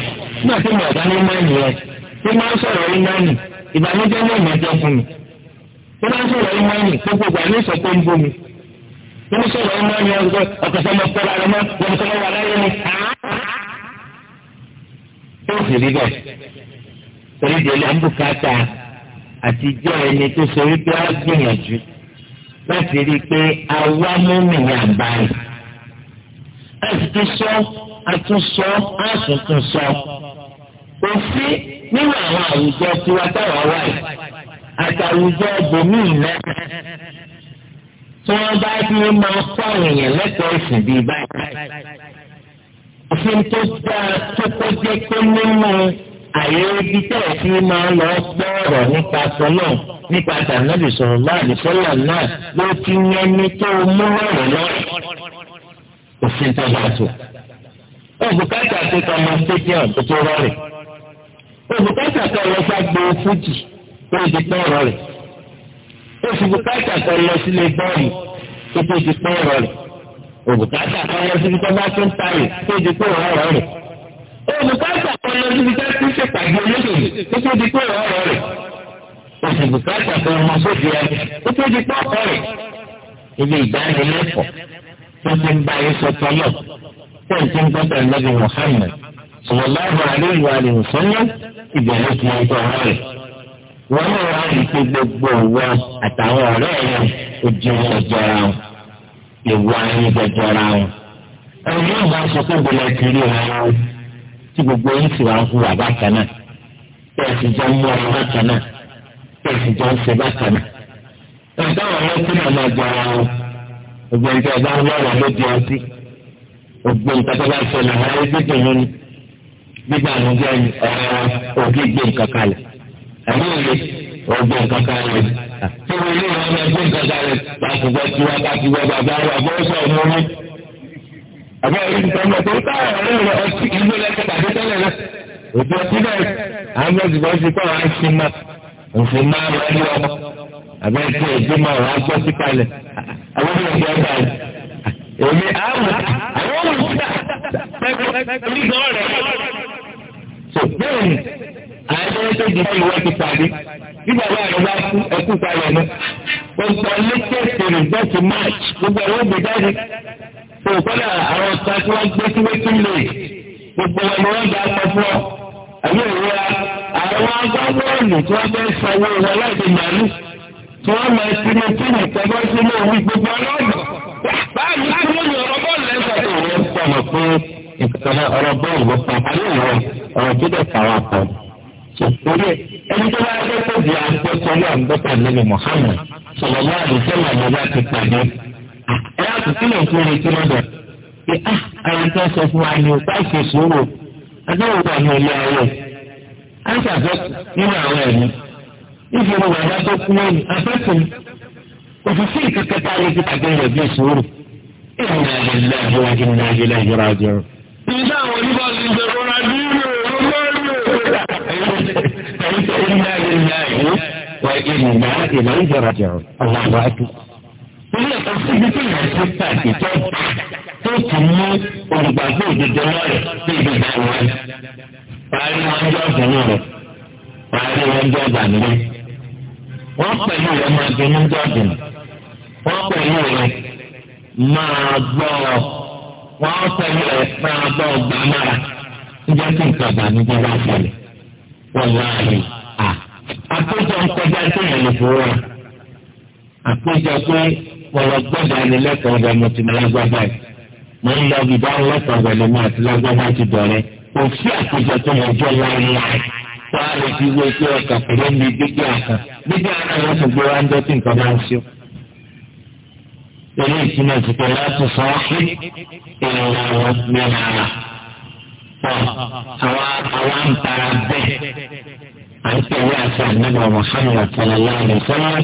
nígbà tí mo ọ̀dá ní máa nìyẹn tí máa ń sọ̀rọ̀ ní máa nì ìbànújẹ́ náà máa jẹ́ fún mi tí máa ń sọ̀rọ̀ ní máa nì gbogbo ìgbà ní ìsọ̀ tó ń bó mi tí mo sọ̀rọ̀ ní máa nì ọ̀kọ̀sọ̀ mọ̀ pẹ̀lú àrẹ mọ́ wọn sọ wà láyé mi. ó sì rí bẹ́ẹ̀ torí àti jẹ́ ẹni tó ṣe wípé á gbìyànjú láti rí i pé àwa mọ́mìnì àbáyé. láti tún sọ àtúnsọ àtúntúnsọ òfin nínú àwọn àwùjọ tiwa táwa wà yìí àtàwùjọ bòmíì náà tí wọ́n bá fi máa kọ́ àwọn èèyàn lẹ́kọ̀ọ́ ìsìn bíi báyìí. òfin tó dáa tó kọjá pé nínú àyè ibi tẹ̀ ẹ́ fi máa lọ gbọ́rọ̀ nípa sọ́nà nípa tànàbì sọ̀rọ̀ bá àdìsọ́nà náà ló ti yẹn ní tó mú lọ́rọ̀ lọ́rọ̀ òfin tó bá tó. òbúkátà tó kọ́ ọmọ stadium tó tó rọrẹ̀ òbúkátà tó lọ ságbó fújì tó ti pẹ́ rọrẹ̀ òbúkátà tó lọ sílé bọ́ọ̀lù tó tó ti pẹ́ rọrẹ̀ òbúkátà tó lọ síbi tó bá tó ń tarì tó ti pẹ́ rọrẹ̀ òbúkátà tó lọ síbi tó ti ti pàdé olóṣèlú ó tó di pé ọ̀rọ̀ rẹ̀ oṣù bùkátà fún ọmọ sóde ẹni ó tó di pé ọ̀rọ̀ rẹ̀ ibi ìdánilẹ́kọ̀ọ́ tó ti ń bá yín sọ tọ́lọ̀ tó ń ti ń gbọ́dọ̀ lọ́dún Muhammad sọlọ́láhùn aláìwá àlèyìn sọ́yọ́ ìbẹ̀rẹ̀ ti ń tọ́ ọ̀rọ̀ rẹ̀ wọ́n náà wá rí pé gbogbo ìwọ àtàwọn ọ̀rẹ́ rẹ̀ ojú ọjọ́ ra wọn ìwọ ayé jọjọ wọn ẹ̀rọ yóò bá sọ pé bọ́lá ti rí wọn tí gbogbo yín sì wá ń hùwà bákan náà tí ẹ sì jọ ń múra bákan náà tí ẹ sì jọ ń ṣe bákan náà. ẹ̀dá ọ̀rẹ́ tí màá máa jọ ara wọn gbogbo nǹkan ẹ̀dá ọlọ́wà ló di ọtí gbogbo nǹkan tó bá ṣẹlẹ̀ ọ̀rẹ́ gbígbé yín ni gbígbà ní jẹ́ ògì gbé nǹkan kalẹ̀ ẹ̀mí ìlú ògbé nǹkan kalẹ̀ tí wọ́n ilé ìwọ̀n ẹgbẹ́ àbọ̀ orí nǹkan mọ̀ tó ń tà ọ̀rẹ́ rẹ̀ ọtí ìlú lẹ́sẹ̀ tàbí tẹ́lẹ̀ rẹ̀ òbí ọtí bẹ́ẹ̀ àwọn ọ̀sìnkọ́ ti kọ́ àwọn ẹ̀sìn máa òfin máa ń rí ọmọ àbẹ́ tí ẹ̀jẹ̀ máa wà á gbọ́ sí kalẹ̀ àwọn ọ̀sìn ọ̀gá rẹ̀ èmi àwọn àwọn olùkọ́ onígbọ̀n rẹ̀ tó bẹ́ẹ̀ ni àwọn ẹgbẹ́ tó di ìwé ti pàdé bí bàbá rẹ̀ bá kú ẹkú kalẹ̀ náà gbogbo létẹ̀sì rẹ̀ bẹ́ẹ̀ ti máàch gbogbo ẹ̀rọ òkúta àwọn ọ̀sán tí wọ́n gbé sí wékí lè gbogbo ọmọ wọn gbà sọ fún ọ àbí ìrora àwọn agbábọ́ọ̀lù tí wọ́n fẹ́ sanwó wọn láti màálù tí wọ́n máa ti ní kí nìkan bá sí ní òun gbogbo ọlọ́dọ̀ báyìí láti mú ọ̀rọ̀ bọ́ọ̀lù lẹ́sẹ̀ tó wọ́n sọ̀rọ̀ pé ìkànnì ọ̀rọ̀ bọ́ọ̀lù ẹni tó bá yẹ kó di àgbẹ̀tọ̀ ní àgbẹ̀tọ̀ lẹ́nu Muhammad sọ̀rọ̀ ẹ láti sílẹ̀ fún retí lọ́dọ̀ pé á ah, ara tó sọ fún wa ni o bá ṣe sòwò adáwò wà ní ilé ayé á ṣàfẹ́ nínú àwọn ẹ̀mí níbi ìwé wàdá tó kú lónìí afẹ́kùn òfìsí ìkẹ́kẹ́ tá a lè fi tàgé rẹ̀ bí sòwò ìrìnà ìlà ìjọba ìrìnà ìlà ìjọba ìjọba. ìṣe àwọn oníbàárà ń bẹ̀rù ọ̀rọ̀ àdúgbò ọ̀rọ̀ mọ́rin ọ̀rọ̀ síbi tí ìyẹn ti pàdé tó tó sì mú olùgbàgbọ́ òdodo lọ́rẹ̀ sí ibi ìdáwọ̀ rẹ̀. Parí wọn jọ ọ̀gbìn rẹ̀, parí wọn jọ ọ̀gbìn rẹ̀. Wọ́n pẹ̀lú rẹ̀ máa dunú jọ ọ̀gbìn. Wọ́n pẹ̀lú rẹ̀ máa gbọ́ wọ́n pẹ̀lú rẹ̀ máa gbọ́ ọgbà mára. Ìjọ sì ń kọ̀dà níjọ́ wá fẹ̀lẹ̀. Wọ́n láàyè à. Àpéjọ ń kọjá sí ìrìn àpéjọ pé pọ̀lọ̀ gbọ́dọ̀ ẹni lẹ́kọ̀ọ́ ibẹ̀ mo ti lágbábá yìí mo ń lọ ìdáhùn lẹ́kọ̀ọ́ ibẹ̀ lèmi àti lágbábá ti dọ̀rẹ́ kò sí àkójọ tó yẹ jọ láéláé wọ́n á lè fi wé pé ọkà pẹ̀lú mi gbígbé àkàn gbígbé àkàn yóò tún gbé wáńdọ́ tí nǹkan bá ń ṣe. Ilé ìtumọ̀ ìsìnkú láti sọ ìrànwọ́ mẹ́ra. Àwọn àwọn ń tara bẹ́ẹ̀ àti ìwé àti ànábọ̀ Mùhàmmad sallallahu alaihi wasallam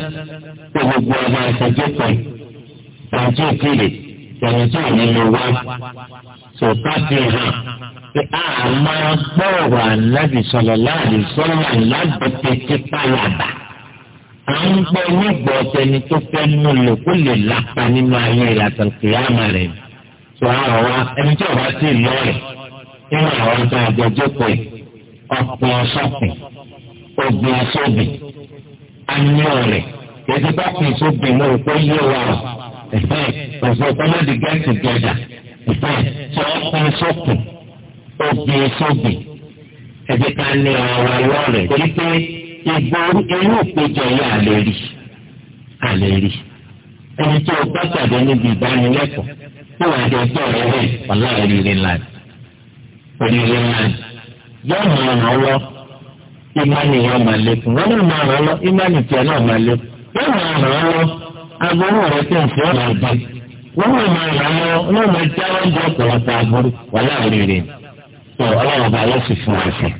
tó gbogbo ọmọ ìsàjẹ́pọ̀ yìí tàbí tí ìkéde tàbí tí ò nínú wá tó káfí hàn pé a máa gbọ́ọ̀rọ̀ ànábì sọ̀rọ̀ láàrin sọ́nà lágbègbè tí pàlàbà à ń gbọ́ nígbà ọ̀tẹni tó fẹ́ nù lò kó lè lápá nínú ayé ìyàtọ̀ kìláàmà rẹ̀ tó àrọ̀ wa ẹni tí ọba sì lọ rẹ̀ nínú àwọn ọ̀tá àjọjọpọ̀ ọ̀pọ̀ ọ̀sọ̀pìn ògbìn ọ̀sọ̀bìn anyọ̀ rẹ̀ kẹ́sìbáàpì sóbìn mọ́ òkú yé wa rẹ̀ ọ̀sẹ̀ kọ́mọ́dé get together tí wọ́n kọ́ sọ́kùn obì sóbì ẹ̀jẹ̀ ká ní ọ̀rọ̀ ọlọ́rẹ̀ torí pé ìgbà inú ìpéjọ yìí àlè rí àlè rí ẹni tó bá pàdé níbi ìdánilẹ́kọ̀ọ́ tó wà ní ọjọ́ rẹ̀ rẹ̀ ọ̀la oríire ńlá oríire ńlá yóò máa ràn lọ ìmánì yóò máa lékún wọn náà máa ràn lọ ìmánì tiẹ̀ náà máa lékún yóò máa ràn lọ agbóró rẹ tó ń fi ọ̀nà ìdí wọ́n wọ́n máa yà lọ wọ́n máa já wọ́n jẹ́ ọ̀pọ̀lọpọ̀ agbóró wọ́n láàrin rẹ̀ tó ọlọ́run bá yẹ fífi wọn fẹ́.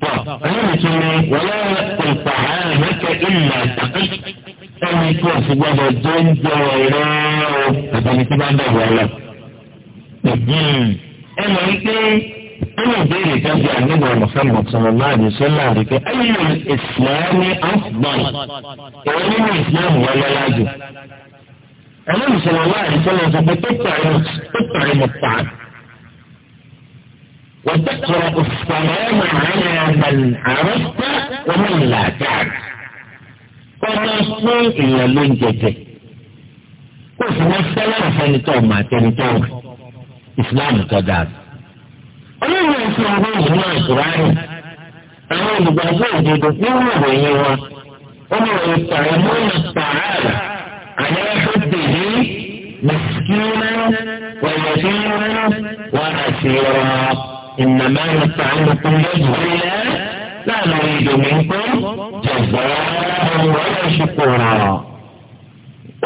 tó ọlọ́run tún ní wọ́n lọ́wọ́ ìpa àárín mẹ́tẹ̀ ìlà ìtàkì ẹni tí wọ́n fi gbọ́dọ̀ jẹ́ ń jẹ ọ̀rẹ́ o àtàlẹ́ tí bá ń bẹ̀rù nínú ìbéèrè jáde àníbọ̀ Muhammad sallallahu alaihi wasallam àdìpé ayé ìsìlámì afghan èyí nínú ìsìlámù wọlé lájò ẹlẹ́nu sallallahu alaihi wasallam sọ pé tó pàrọ̀ tó pàrọ̀ mọ̀ pàrọ̀ wọ́n tẹ̀kọ̀rọ̀ òṣùpàmọ́ ẹ̀ máa ń rẹ̀ àmàlẹ̀ àrọ́pá wọn ní ìlàkàr kọ́mọ fún èèyàn ló ń jẹjẹ kó o sì wọ́n fẹ́ràn fẹ́ni tó ọmọ àtẹnitọ́ ìsìlámù tó dáa ọlọ́run ẹ̀ fi àwọn ìlú àkùránì àwọn olùgbàgbọ́ òdodo nínú ìròyìn wọn wọ́n mọ̀ ní sàrẹ́mọ́ ìpààrà àyẹ̀wò tèmi mẹ́sìkínà wẹ̀yẹ̀dínlá wọn àti ọ̀rọ̀ ìnàmá nípa àlùkò lọ́jọ́lẹ́ láàrin ìdòmíńkọ́ jọ̀gbọ́ ọ̀rọ̀ ìṣùkùrọ̀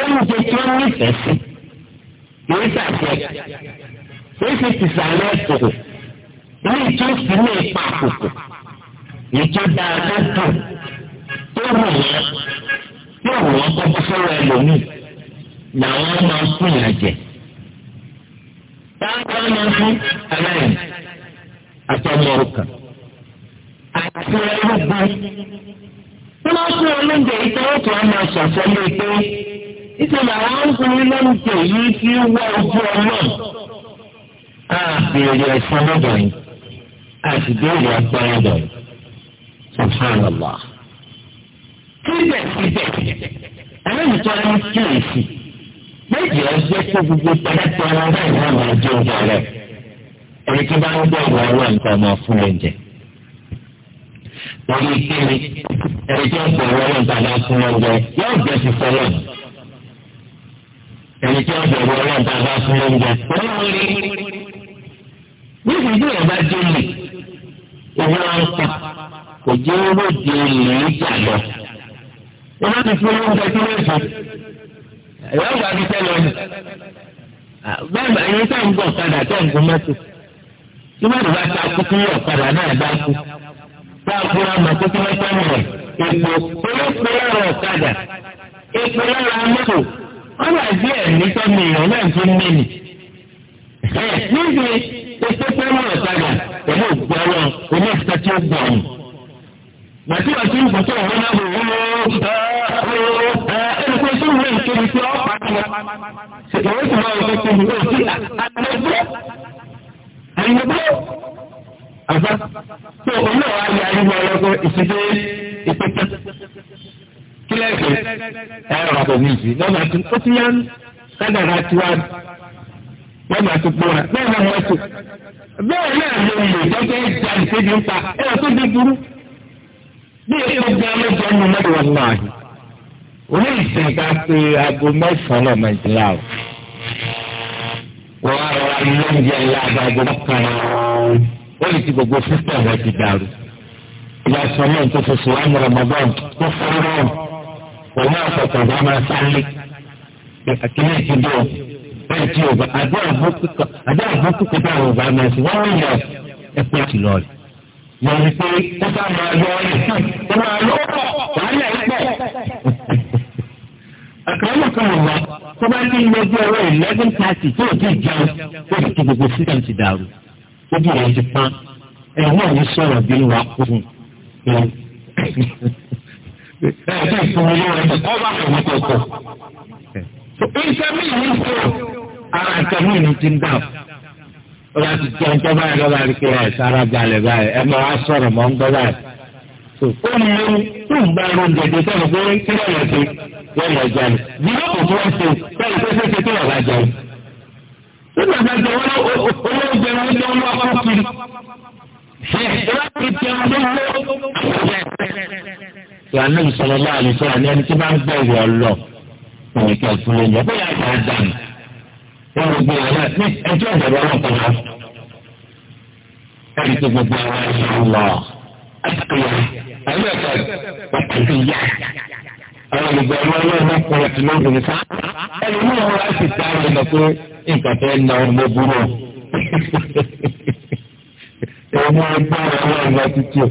oúnjẹ tí wọ́n nífẹ̀ẹ́ sí kì í sàfẹ́ kì í sì tìsàlẹ̀ kòkò. lẹ́yìn tó sì ní ipa àkókò ètò dáa lọ́tọ̀ tó wù wọ́n yóò wù wọ́n kọ́kọ́ fẹ́ràn ẹlòmíì làwọn máa ń fún ìyà jẹ. táwọn máa ń fún aláìní àtọmọ ọkàn àti ẹlẹ́gbẹ́ tí wọ́n fún olóúnjẹ yìí tẹ́wọ́ tí wọ́n máa ṣàfẹ́lẹ́ pé nítorí àwọn ọkùnrin lóúnjẹ yìí fi wá ojú ọlọ́ọ̀ á béèrè ẹ̀sán lọ́dọ̀ yìí àṣìbí ìlú agbára bẹ̀ subhanallah. síbẹ̀síbẹ̀ ẹlẹ́yìn tó ẹni kíyèsí méjì ọjọ́ tó gbogbo pẹ̀lẹ́pẹ̀ ara rẹ̀ náà máa jẹ́ ọjà rẹ̀ ẹni tó bá ń gbọ́ ìwà ọwọ́ nǹkan máa fún oúnjẹ. Orí ìkíni ẹni tó ń gbọ́ ìwà ọwọ́ nǹkan máa fún oúnjẹ yóò jẹ́ ti fọlọ́ ẹni tí wọn bẹ̀rù ọlọ́ọ̀ta bá fún oúnjẹ. Wọ́n rí níbi ìdí ẹ̀ bá dé lè ìwé wọn pa kò jẹ́ owó di ilẹ̀ ìjà lọ. Ìwé ti fi oúnjẹ tí wọ́n fò. Ìwé ìgbà ti tẹ́ lọ. Bẹ́ẹ̀ni ẹ̀yin tẹ̀ ń gbọ́ ọ̀kadà tẹ̀ ń gun mọ́tò. Tí wọ́n bá ta kúkú ní ọ̀kadà náà bá kú. Bá a fúra mọ̀ kó tí wọ́n tẹ́ mọ̀ èpò olóòpó lára ọ̀kadà. Èpò lára mọ́tò. Wọ́n bá dí ẹ̀mí tọ́ mi ìrọ̀ náà fún mi nì. Níbi ètò tẹ́ mọ̀ ọ̀kadà òní ìgbà wọn òní ìfẹ́ tí ó gbà wọn. Màtí àti ìbùsọ̀ wọn náà wò ó ẹni pé tó wúlò ìkébi tí ọ́ pàtó wa. Ìwé tí wọ́n yọ kó wúlò sí àgbẹ̀gbọ́. Àyẹ̀gbọ́. Àbá tó olú ọ̀rọ̀ ayé ayélujára ọlọ́kọ̀ ìṣèjọ́ ìpẹ́tẹ́. Kílẹ̀ ìfẹ́ ẹ̀rọ àbọ̀ mi yìí lọ́nà àti ó ti yá kádàrá tiwa lọ́nà àti pọ̀ wá lọ́nà àwọn ẹ̀sùn bẹ́ẹ̀ náà ló lè gẹ́gẹ́ ja ìṣèjì ń pa ẹ ò tó di burú bí èso gbé ọlọ́jọ́ ní mẹ́rin wọn náà yìí orí ìsìn ká pé aago mẹ́sàn-án náà máa ń jẹ́ àwọn wọ́n á rọra ní oúnjẹ ńlá aago mọ́kànlá ó lè ti gbogbo fúnpẹ̀ rẹ̀ ti dàrú ìyá sọmọ tó fòfò wà ní Ramadan tó fọwọ́ pẹ̀lú ọ̀sọ̀tọ̀ bá máa sáré kíní ìtúndọ̀ àti ọba àdé àbókùkọ àdé àbókùkọ tá àwọn ọba máa ṣe wọn wọn yẹ ẹpẹ ti lọ rẹ wọn rí pé ó bá máa lọ rẹ ó máa lọ pọ wàhálà ẹ pọ. àkàrà kan wà tó bá ní ilé ẹgbẹ́ ọwọ́ eleven thirty tó o ti jẹun tó o ti gbogbo sísèm ti dàrú ó bí ẹ ti pọn ẹ̀yìn náà ní sọ̀rọ̀ bí wà á kún un. ẹ̀ẹ́dẹ́gbẹ̀rún ló rẹ̀ ọba kò ní kọ̀ọ̀kan. ìṣẹ́ mi yìí ń sọ̀rọ̀ ara ah, nǹkan mí ni ti ń dà ó bá ti jẹun tó báyìí lọ́ba rí pé ẹ̀ sára balẹ̀ báyìí ẹ máa wá sọ̀rọ̀ mọ́ ń gbọ́ báyìí. ó ní ohun tó ń bá ohun dèdè sọ̀rọ̀ pé kí ló yẹ ṣe yẹ yẹ jẹun bí wọ́n kò fún ẹsẹ̀ bẹ́ẹ̀ tó ṣe ṣe tó yọ̀ bá jẹun. nígbà tó jẹ wọn olóò jẹun ó jẹun lọ fún kiri. ìwádìí jẹun ló ń lọ. ìwà náà sọ̀rọ̀ láàrin sọ̀rọ̀ ní ẹni tí bá ń gbẹ̀rù ọ wọn lè gbé ọ̀la ní ẹjọ́ ìjọba wọn kọ̀ lọ. ẹ̀rí tó gbogbo ara yìí lọ. àtàkùyà àwọn ẹ̀ka ọ̀pọ̀lọpọ̀ yá. àwọn olùgbé ọmọ ọlọ́run kọ̀ọ̀rọ̀ tí wọ́n gbìn sá. ẹni mú wọn wá sí ta ẹ̀ pé nǹkan tó ń na ọmọ burú. ẹni ọgbà ọlọ́run lọ títí o.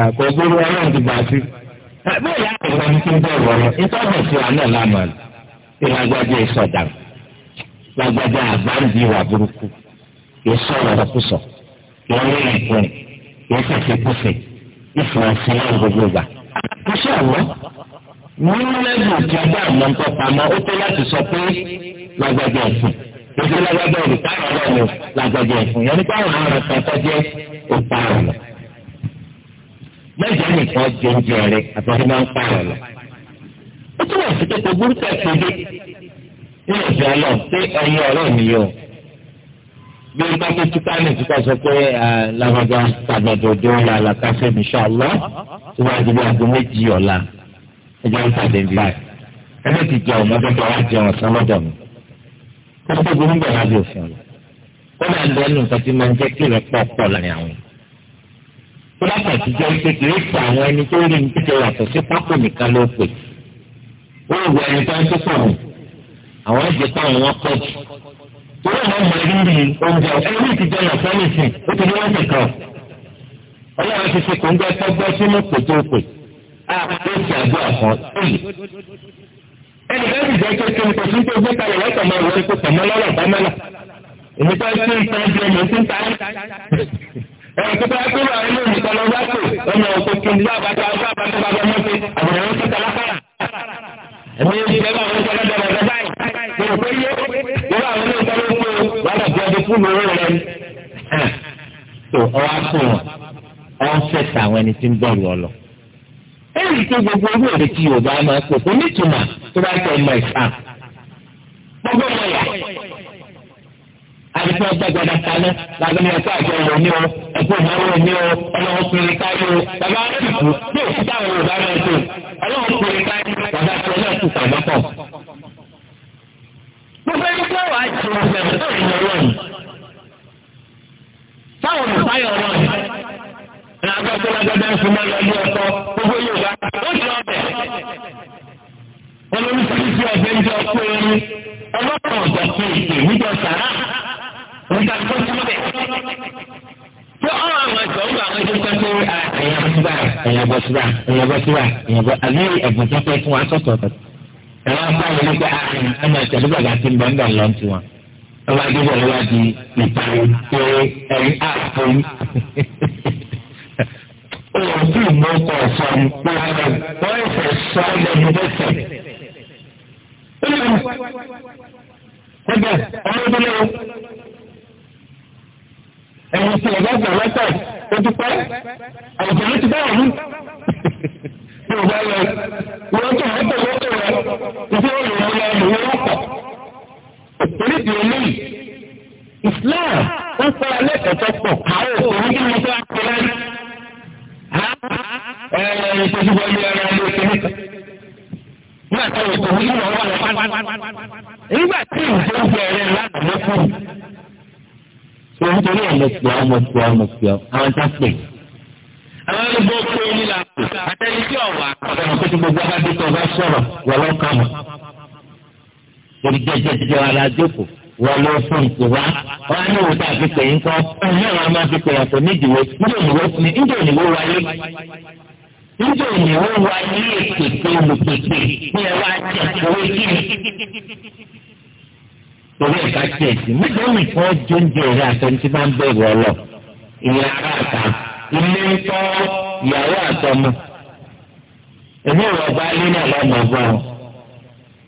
àkọ́gbọ́n ọlọ́run ti bà sí. bẹ́ẹ̀ ni àwọn ọmọ mi ti ń bẹ̀rù ọ̀rọ̀ ìtọ́jú ìfúra náà lánàá lágbájá àgbáǹdì ìwà burúkú yóò sọ̀rọ̀ ọ̀kúsọ̀ yóò rí ìpín yóò fẹ̀fẹ̀ kúfẹ̀ ìfọ̀ọ̀fẹ́ náà gbogbo gbà. Iṣẹ́ àwọ̀ ní lẹ́gùn tí a bá àmọ́ ń tọ́pa mọ́ ó tó láti sọ pé lágbájá ẹ̀fún. Ìjọba lágbájá olùkárọ̀ náà ni lágbájá ẹ̀fún. Yẹ́nì pé àwọn ará kan tó jẹ́ òpààrọ̀ lọ. Mẹ́jọ nìkan jẹ́ oúnjẹ rẹ̀ àtọ́jú máa ń pààrọ̀ lọ. Ó túbọ̀ sí pé kò burúkú ẹ̀ ní ìfẹ́ ọlọ́run pé ẹ̀yin ọ̀rẹ́ mi yọ. bí n bá tó túká ní ìtúkọ̀ sọ pé làbàbà tàbàdà òde ọ̀la làkàṣẹ́ mi ṣá ọ̀lá tó bá di bí aago méjì ọ̀la ẹjọ́ ń pàdé báyìí. ẹgbẹ́ ti jẹun mọ́tọ́tọ́ wá jẹun ọ̀sán lọ́dọ̀ mi. ó tó burú bẹ̀rẹ̀ lábẹ́ òfin ọ̀la. ó máa ń bẹ ẹnu nǹkan tí máa ń jẹ́ kí rẹ̀ pọ̀ pọ̀ láàrin àwọn. tó bá àwọn ẹ̀jẹ̀ táwọn wọn pọ̀ jù torí àwọn ọmọ rírì oúnjẹ ẹ̀rí ìtijọ́ yà sẹ́mìsì ó ti ní wọ́n ti kàn ọlọ́run ti fi kóńgbẹ́ tọ́gbẹ́ sínú kòtò òpè àpò ìṣe àjọ àkàn tóyè ẹnì kan ti jẹ́ kékeré kò sí tó gbé kalẹ̀ lọ́tọ̀ máa wọlé kó tẹ̀mọ́ lọ́rọ̀ bámẹ́lá èmi tó ń tún ìta ẹgbẹ́ mi ti ń ta ẹ̀rọ tó bá tó lọ àwọn ilé ìkọ́ lọ wákò ọmọ òkú kí n bá bàtà bá bàtà bàbá mọ́tò àbẹ̀rẹ̀ wọn tó tẹ̀lá rò pé yé ìwé àwọn ilé ìtọ́lé ń pè é wàhálà bí fún owó rẹ. tó ọwọ́ fún ọ ọ ń àwọn ẹni tí ń bọ̀rù ọ lọ. ẹ̀rí tó gbogbo owó rẹ tí Yorùbá máa pè kó nítumọ̀ tó bá tẹ̀ ọmọ ìsà. gbogbo ọmọ yà àdìpọ̀ gbàgbọ́dà kaná làbẹ́ni ẹ̀kọ́ àjọ ìwọ ní o ẹ̀kọ́ ìnáwó ní o ọlọ́run kiri káyọ̀ bàbá àdìpọ̀ bí òkúta àwọn Yorùbá náà tó ọlọ́run kiri káyọ̀ bàbá àti ọlọ́run kù gbogbo ẹni tó wàá jẹ ọ̀sẹ̀ ọ̀sẹ̀ ìlú ọlọ́run táwọn olùsáyọ̀ ọlọ́run ní agbẹ́gbẹ́ lágbẹ́gbẹ́ ń fún mọ́lẹ̀ ilé ọkọ gbogbo Yorùbá ó àbí ẹ̀bùn tó fẹ́ fún wa sọ̀tọ̀ọ̀tọ̀ ẹ̀rọ bá yẹn ní pé ẹ máa tẹ̀lé bàbá tí ń bọ̀ ń bọ̀ lọ́n tiwọn. ọba dídọ̀ lọ́wọ́ di ìta pé ẹ̀yìn àpò yìí. òbí mi kọ̀ sọ pé wọ́n ẹ̀fẹ̀ sọ lẹ́nu lẹ́sẹ̀. ẹgbẹ́ ọlọ́dúnlẹ́ o ẹ̀yìn tí ẹ̀gbẹ́ gbà lọ́sẹ̀ ó ti pẹ́ àwùjọ ló ti bá wà ní tó o bá lọ wọ́n tó wọ́n tó wọ́n tó wọ́n ìfẹ́ olùwọ́n lọ lò wọ́n pọ̀ torí ti o léyìí Islam ó sọ alẹ́ kẹ̀kẹ́ pọ̀ káwọ́ òun kí ni wọ́n tó wọ́n ẹ ẹ ìṣèjú wọlé ẹran ló ti ní nígbà tí o kò ní ìwọ̀n wà lọ́wọ́ nígbà tí ìjọ ń bẹ̀rẹ̀ ládùúgbò fún mi. Ṣé nítorí ẹ̀ lọ sí ọ, lọ sí ọ, lọ sí ọ, àwọn tá a pè. Àwọn ẹlẹ́gbẹ́ ọ̀sán pé kí gbogbo abájọ tó bá sọ̀rọ̀ wọ́n lọ kà mọ́. Èdè jẹjẹjẹ alájókòó wọ́n lọ fún ìpè wá. Wọ́n á ní òun tá a fi pè yín kọ́. Wọ́n ní àwọn máa fi pè yàtọ̀ nídìíwé. Níjẹ́ òníwó fún mi, níjẹ́ òníwó wáyé. Níjẹ́ òníwó wáyé èkèké olùpèpè ní ẹ̀rọ ajé ìkọ̀wé kíni. Torí ẹ̀ka tiẹ̀ sí, mọ́tò mi kọ́ jóúnjẹ rẹ̀ àtẹnudí máa ń bẹ̀rù ọlọ. Ìyá ara àtà, ilé ń tọ́ ìyàwó àtọmọ èmi ìwọ bá lé náà lọ́mọ ọgbọ́n o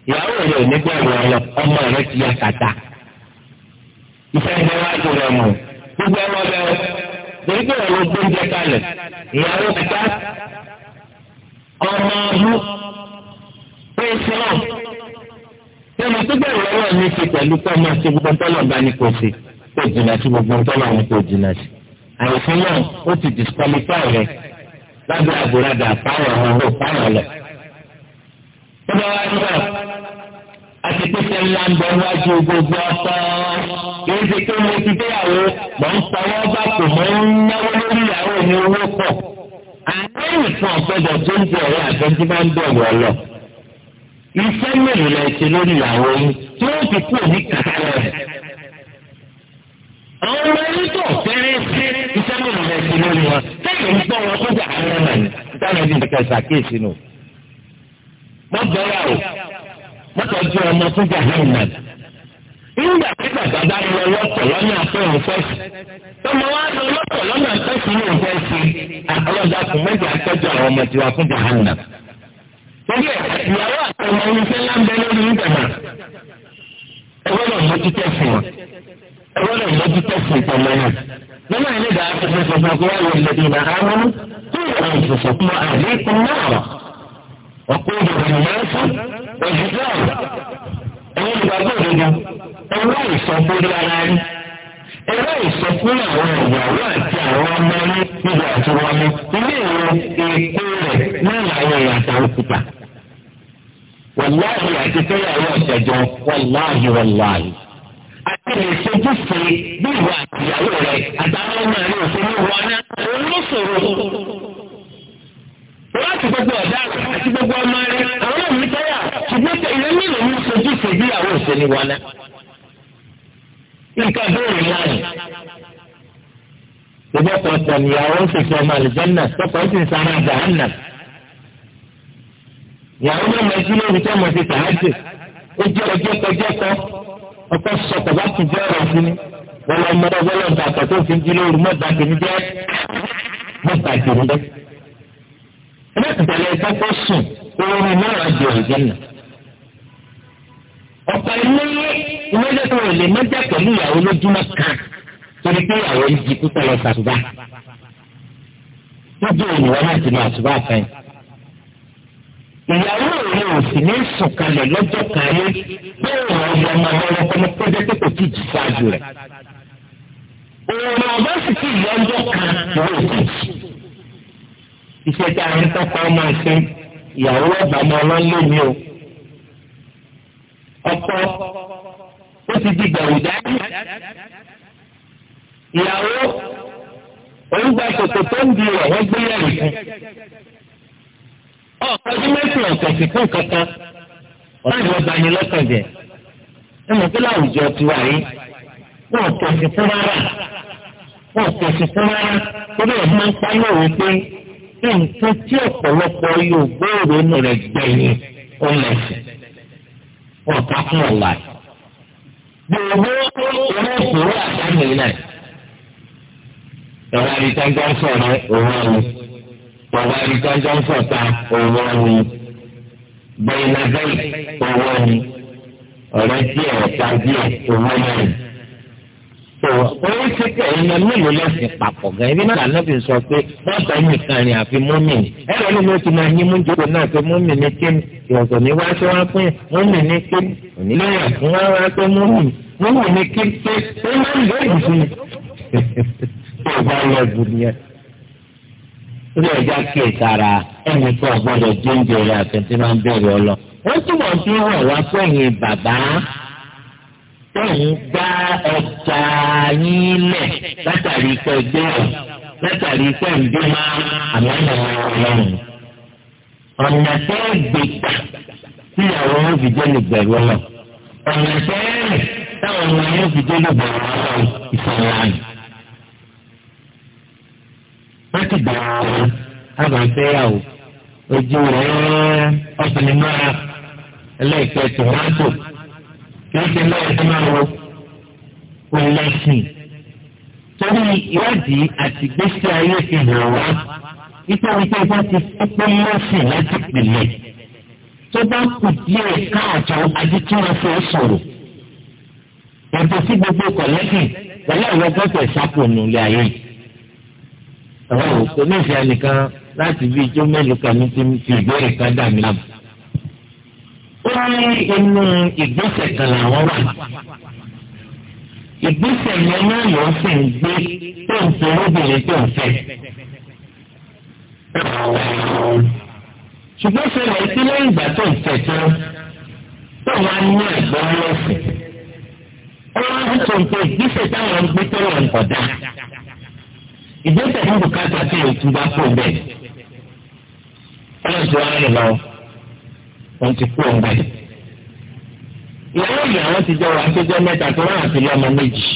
ìyàwó rẹ ò ní bẹ̀rù ọlọ ọmọ rẹ ti yà kàtà ìfẹ́ ẹgbẹ́ wá ju rẹ mọ̀ gbogbo ẹ̀rọ bẹ o torí pé ọ̀rọ̀ gbóúnjẹ kalẹ̀ ìyàwó kàtà ọmọ ọdún pé sọ́ọ̀ tẹnu tó bẹ̀rù ọlọ ní ti pẹ̀lú pé ọmọ àti gbogbo ntọ́lọ̀ bá ní kò sí kò jìnnà sí gbogbo ntọ́lọ̀ ní kò jìnnà sí lábẹ́ àbúradà táwọn ọmọ ọmọ táwọn lọ. Bọ́lá wa ń bọ̀ àti pípẹ́ ńlá ń bọ̀ wájú gbogbo ọ̀tọ̀. Kìí ṣe pé mo ti gbéyàwó mọ̀ ń tọwọ́ bá kò mọ̀ ń náwó lórí ìyàwó mi owó pọ̀. Àárín fún ọ̀gbẹ́dọ̀ tó ń bọ̀ ọ̀rẹ́ àtẹ́jú máa ń bọ̀ wọ̀ lọ. Iṣẹ́ mélòó lẹ ṣe lórí ìyàwó yín tí wọ́n fi kú òní kàkà rẹ̀. Àwọn ọmọ yín tó fẹ́rẹ́ sí sí lórí wọn táyà ń gbọ́ wọn sójà àwọn ọmọ ní táyà ń bìkẹ́ ṣàkíyèsí nù. wọ́n gbọ́ra o wọ́n tọ́jú ọmọ sójà àwọn ọmọ ní. nígbà tí bàbá bá lọ lọ́tọ̀ lọ́nà àtọ́hún fẹ́sì tọmọ wa lọ lọ́tọ̀ lọ́nà àtọ́hún náà fẹ́sì àkọlọ́dà kùn mẹ́jọ àtọ́jú àwọn ọmọ tiwa sójà àwọn ọmọ. torí ẹ̀ ìyàwó àtọmọ nínú ẹni dàá fífi fífi kó wáyé ìlẹ̀dì náà ámú tó yẹ kó fífi kó àlékún náà ọ̀pọ̀ ìdòwò ìyẹ́sì òṣìṣẹ́ ẹ̀yìn ìgbàgbọ́ òdodo ẹ̀rọ ìsọfúnni ara rí ẹ̀rọ ìsọfúnni àwọn ìyàwó àti àwọn ọmọ rí níbi àtiwọlé ilé ìwé èkó rẹ̀ náà làwọn ìyàtà òkúta wàláhì àti fẹ́yàwó ọ̀sẹ̀jọ wàláhì wàláhì lè ṣojúṣe bí ìwà àtìyàwó rẹ àtàwọn ọmọ rẹ ò fi ní wọn náà òun ló ṣòro. láti gbogbo ọ̀dà àti gbogbo ọmọ rẹ àwọn náà mi tẹ́yà ṣùgbọ́n tẹ ilé mélòó ní ṣojúṣe bí ìyàwó ò ṣe ní wọn náà. nǹkan bẹ́ẹ̀ ni láàyè. ìjọba ọ̀sán ìyàwó ń ṣèṣe ọmọ àlùjànnà tọkọ ń sì ń sara àjàhánà. ìyàwó náà mọ ojú lórí tí wọ́n mọ̀ ọkọ sọ tọba ti jẹ ọ̀rọ̀ sí ni bọlọ ọmọdé bọlọ bàtà tó fi jí lóru mọta kìíní jẹ mọta kìíní jẹ ẹgbẹ́ ìtàlẹ̀ ẹ̀ka tó sùn oorun náà di ọ̀gẹ́nà ọ̀pọ̀ ilé ìmọ̀jẹ̀ tó lè mọ́jà pẹ̀lú ìyàwó lójúmọ́ kan torí pé ìyàwó yìí di púpọ̀ lọ sàtúbà lójú òyìnbó náà ti máa sùbà fẹ́ ìyàwó ò sì ní sọ̀kalẹ̀ lọ́jọ́ kan rí bẹ́ẹ̀ ni ọmọ ọmọ ọlọ́wọ́ pẹ́ẹ́dẹ́ tó kò tí ì jù ṣáájú rẹ̀. òun ọba sì ti yọ kan lọ́wọ́ ìtàjì. iṣẹ́ tí a ń tọ́kọ ọmọ ẹ̀sìn ìyàwó ọ̀bà ọmọ ọlọ́lé mi o. ọkọ ó ti di gbàwùdá. ìyàwó òun gba kòtò tó ń di rẹ̀ wọ́n gbé yẹ̀rì fún ọ̀pọ̀ ọdún mẹ́fì ọ̀sẹ̀ sí fún kankan ọ̀sẹ̀ ìwọ bani lọ́kàn jẹ ẹ mọ̀ pé láwùjọ ti wà yìí wọn kò sí fún rárá wọn kò sí fún rárá torí ẹ̀ máa ń pálọ̀ wí pé nǹkan tí ọ̀pọ̀lọpọ̀ yóò gbóòrò nù rẹ̀ gbẹ̀yìn ó lẹ̀sẹ̀ wọn kà fún ọ̀la gbogbo ìrẹsì wà náà ẹ̀rọ bàbá ẹni tó ń jọ ń fọ̀ta owó ni bẹ́ẹ̀nà bẹ́ẹ̀ owó ni ọ̀rẹ́ díẹ̀ ọ̀tá díẹ̀ owó náà ni. Owó ti tẹ̀ ẹ̀yàn mélòó lẹ́sìn papọ̀ gan ẹbí náà lọ́bì sọ pé bọ́ọ̀tà nìkan ni àfi múmi ni. Ẹ̀rọ ni mo ti máa ní mú jókòó náà pé múmi ni kémi. Ìyọ̀sọ̀ ni wá ṣe wá pín múmi ni kémi. Onílẹ̀yà fún wá wá pé múmi. Múmi ni kémi pé ó máa ń lé *laughs* o Ìgbà lọ ìdùnnú yẹn ilé ẹja kíyè sára ẹni tó ọgbọ́dọ̀ jíjẹ rẹ àtẹ̀tí máa ń bẹ̀rẹ̀ ọ lọ. wọ́n túbọ̀ fi hàn wá sẹ́yìn bàbá tóun gbá ọjà yín lẹ̀ látàrí ikọ̀ ẹgbẹ́ ọ̀ látàrí ikọ̀ ẹgbẹ́ máa àmọ́ ìyàwó ọlọ́run. ọ̀nà tẹ́ gbèkà tíyàwó wọn fi lè bẹ̀rù ọlọ́ ọ̀nà tẹ́ táwọn ọmọ yẹn fi lè bẹ̀rù ọlọ́ ìfọ̀rọ̀ láti bàrà wọn àbàfẹ́yàwó ojú rẹ̀ ọ̀sìn mọ́ra ẹlẹ́ẹ̀kẹ́ tòmátò kìí ṣe náà ẹ̀sìn máa wọ olùlẹ́sìn. torí ìwádìí àti ìgbésí ayé ti hàn wá ipa wípé bá ti pẹ́ lọ́sìn láti pìlẹ̀ tó bá kù díẹ̀ káàtó adétúnrẹ́ fún sọ̀rọ̀ yàtọ̀ sí gbogbo kọ̀lẹ́sìn pẹ̀lú àwọn gbọ́dọ̀ ìsápò nílé ayé yìí àwọn òkú nífẹ̀ẹ́ nìkan láti bí ijó mélòó kan ní ti fi ìbéèrè kan dà mí lọ. ó ní inú ìgbésẹ̀ kan làwọn wà ìgbésẹ̀ yẹn náà ló ń sì ń gbé tó ń sọ obìnrin tó ń fẹ́. ṣùgbọ́n ṣẹlẹ̀ sí lẹ́yìn ìgbà tó ń fẹ́ tán tó wàá ní ẹ̀gbọ́n lọ́sẹ̀. ó wá ń sọ pé ìgbésẹ̀ táwọn ń gbé tó lọ ń kọ̀dá ìgbésẹ̀ ní bùkátà tí ètò bá kó bẹ́ẹ̀ ọlọ́sùn wa rìn lọ wọ́n ti kó bẹ́ẹ̀. ìyàwó ìyàwó ti jọ wà sójọ́ mẹ́ta tó wà àti lọ́mọ méjì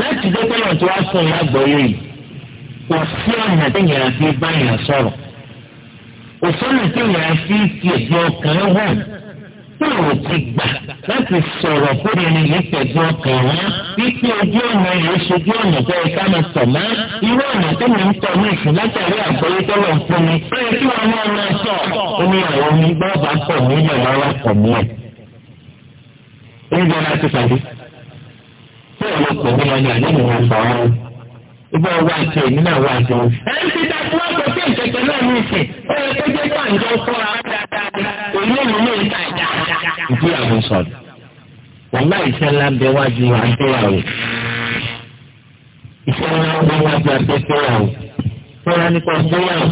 láti dé tọ́lọ̀ tó wá fún un lágbọ̀ọ́yé yìí kò sí ọ̀nà téèyàn fi báyà sọ̀rọ̀ kò sọ́nà téèyàn fi fi ẹ̀jẹ̀ ọkàn hàn táwọn ti gbà láti sọ̀rọ̀ fún ẹni yìí pẹ̀lú ọkàn wọn wípé ojú ọ̀nà yìí ṣojú ọ̀nà tó ẹ̀ka máa tọ̀ mọ́ irú ọ̀nà tó mi ń tọ̀ ní ìsìn látàrí àgbọ̀yé tó lọ fún mi pé kí wọn náà máa tọ̀ ó ní àwọn omi bá pọ̀ nílẹ̀ lọ́wọ́ pọ̀ nílẹ̀. oúnjẹ láti pàdé tí ọ̀nà pọ̀ nílẹ̀ ni àlẹ́ mi máa sọ ọ́ ibà wà àti èmi náà wà àti òun. ẹ ìgbéyàwó sọ̀rọ̀ wàhálà iṣẹ́ ńlá ń bẹ wájú àgbéyàwó iṣẹ́ ńlá ń bẹ wájú àgbéyàwó tó wá nípa àgbéyàwó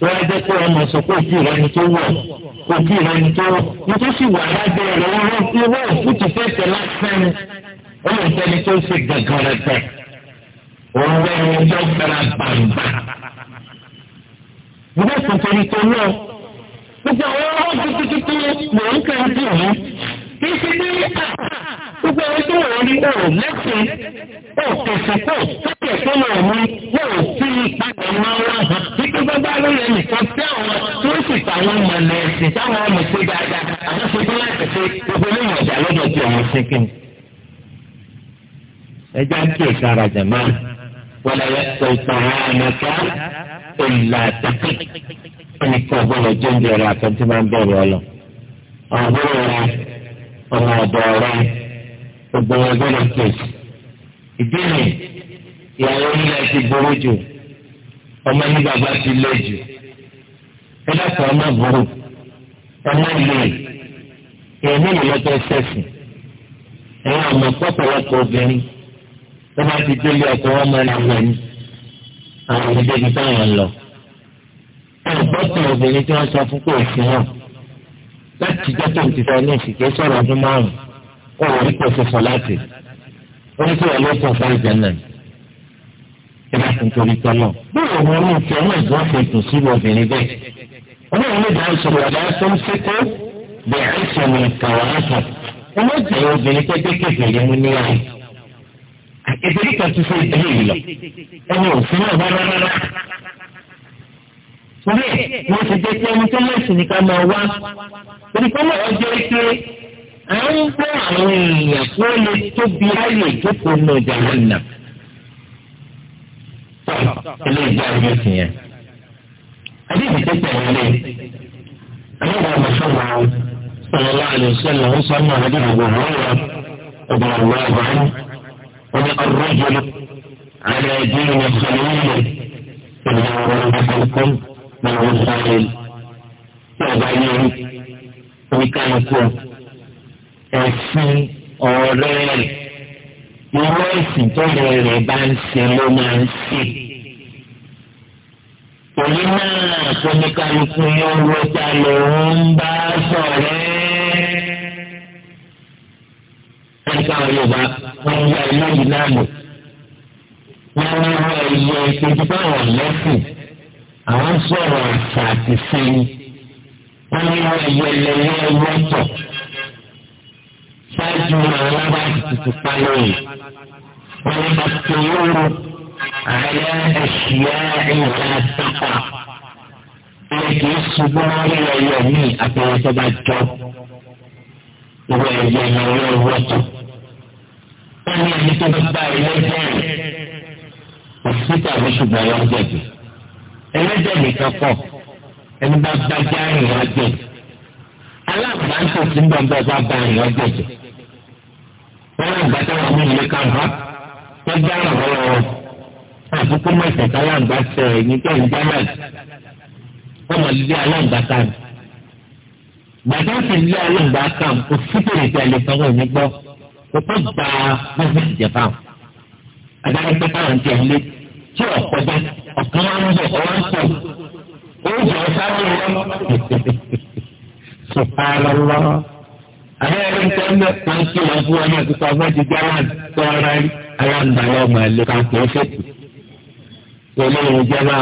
tó wá jẹ́ pé ọmọ sọ pé ojú ìrẹ́ni tó wọ̀ ojú ìrẹ́ni tó wọ̀ nítòsí wà lábẹ́ rẹ̀ wọ́n rán sí wọ́n òfútù lásán ó lè tó ṣe gàgàn rẹ̀ tẹ̀ òun rẹ̀ ń jọ́ gbẹ̀rẹ̀ bàǹbà. ìgbésùn torí tó náà gbogbo àwọn ọmọ tuntun mò ń kàn sí mi kí n ti ní gbogbo àwọn tó wọ̀ ní ọ̀rọ̀ lẹ́sìn ọ̀kẹ̀sẹ̀ pọ̀ sókè tó lọ mú yóò sí ìpàdé máa wá hàn nígbà gbọ́dọ̀ lóye nìkan tí àwọn tó sì tàwọn mọ̀nà ẹ̀sìn táwọn ọmọ ṣe dáadáa àwọn ṣe tó láti ṣe gbogbo lóyún ọ̀dà lọ́dọ̀ wọn ni kí ọgbọ́dọ̀ jẹ́ oúnjẹ rẹ àtẹ̀ntì máa ń bẹ̀rù ọ lọ. ọ̀gbọ́n rẹ ọmọ ọ̀dọ̀ rẹ gbogbo ọgbọ́dọ̀ kejì. ìbéèrè ìyàwó nílẹ̀ ti burú jù ọmọ ní bàbá ti lé jù. ẹ dákun ọmọ burú ọmọ ilé èmi ìlọ́tọ̀ sẹ́sìn ẹ̀yin ọmọ pọ̀pọ̀lọpọ̀ obìnrin tó ti délé ọkọ̀ wọn máa ọgbọ́tàn obìnrin tí wọ́n sọ fún kò sí hàn láti jẹ́tọ̀ ti sọ ní ìsìnkú sọ̀rọ̀ ọdún márùn-ún kó wọ́n rí pèsè sọ láti wọ́n ní kí wọ́n lè sọ fún ìjẹ́ náà ìgbà tó ń torí tọ́lọ̀ bóyá wọn ní ìfẹ́ wọn ìgbọ́n fi tò sí obìnrin bẹ́ẹ̀ wọn ní ìdá ìṣòro ọ̀dà tó ń ṣekú bẹ̀rẹ̀ ìṣòro ìkàwé àtọ̀ wọn ní ìjẹ́ obìnrin tó dé kékeré mú níyàwó ìdílé kan tó ṣe ìdílé yìí lọ ẹni òfin torí ẹ̀ wọ́n ti jẹ́ pé ẹni tó lẹ́sìn ní ká máa wá torí pé wọ́n ọjọ́ pé à ń gbọ́ àwọn èèyàn kí wọ́n lè tóbi ayé ìjókòó náà jàre nà. ilé ìgbà ọjọ́ sì yẹn. àdéhùn tó tẹ̀lé lé àwọn ọmọ mọ̀sánmọ́ sọ̀rọ̀ láàrin ìṣẹ̀lẹ̀ ń sọ náà àdéhùn ọ̀gbọ̀n ọ̀rọ̀ ọ̀gbọ̀n ọ̀gbọ̀n ọ̀gbọ̀n ọ̀gbọ̀n ọ̀gbọ̀n ọ̀gbọ̀n ọ̀gbọ̀n nínú àwọn sáfẹ́lì tí ọba yẹ rí oníkálukú ẹ̀sìn ọ̀rẹ́ rẹ̀ irú ẹ̀sìn tó lè rẹ̀ bá ń ṣe ló máa ń ṣe. Òní náà tó ní kálukú yóò wọ́n ta lòun bá sọ̀rẹ́. Ẹni káwọn Yorùbá wọ́n ya ilé yìí náà lò. Wọ́n ń wọ ẹ̀yẹ ìpèjì báwọn lẹ́sìn àwọn sọ̀rọ̀ àṣà àti sẹ́yìn wọ́n ní wọ́n yẹlẹyẹ lọ́tọ̀ ṣáájú àwọn bá tuntun pa lóye wọ́n ní bá tó lóru àyà ẹ̀ṣìyà ìwà àtàkà wọ́n kì í ṣubú lórí ẹ̀yọ mi àtàwọn tó bá jọ ìwà ẹ̀yẹ ìwà lọ́tọ̀ wọ́n ní ẹni tó bá bá ilé jẹ́rìí òṣìṣẹ́ tàbí yọ̀ ń jẹ̀bi ẹlẹ́jẹ̀ nìkan kọ̀ ẹni bá gbájá àrùn ọjọ́ aláàbáńtò tí ń bọ̀ ń bọ̀ bá bá àrùn ọjọ́ jẹ wọn lè gbàtà wọn ní ilé kan hàn wọn gbá àrùn ọwọ́ wọn àfikún mọ ìtẹ̀tẹ̀ aláǹgbá tẹ ẹ̀yìn tó ń jẹ́ náà wọn mọ̀ lílé aláǹgbá kan gbàtà sì lílé aláǹgbá kan kò síkèrè tẹ̀lé kan wọn ní gbọ́ kò tó gba gbọ́dọ̀ ìjẹ̀fà àdáyé pẹ́ káwọn jẹ̀ ń lé tí ọ̀pọ̀ bẹ́ẹ̀ ọ̀kan wá ń bọ̀ ọ́ wá ń Subhanallah. Àwọn ẹ̀rí ń tẹ́lẹ̀ máa ń kí wọn fún wọn náà kíkọ́ ọgbọ́n ti gálán tó ara rí aláǹdàlọ́ ọmọ ẹ̀lẹ́ kan kò fètò. Olóyè ìjọba.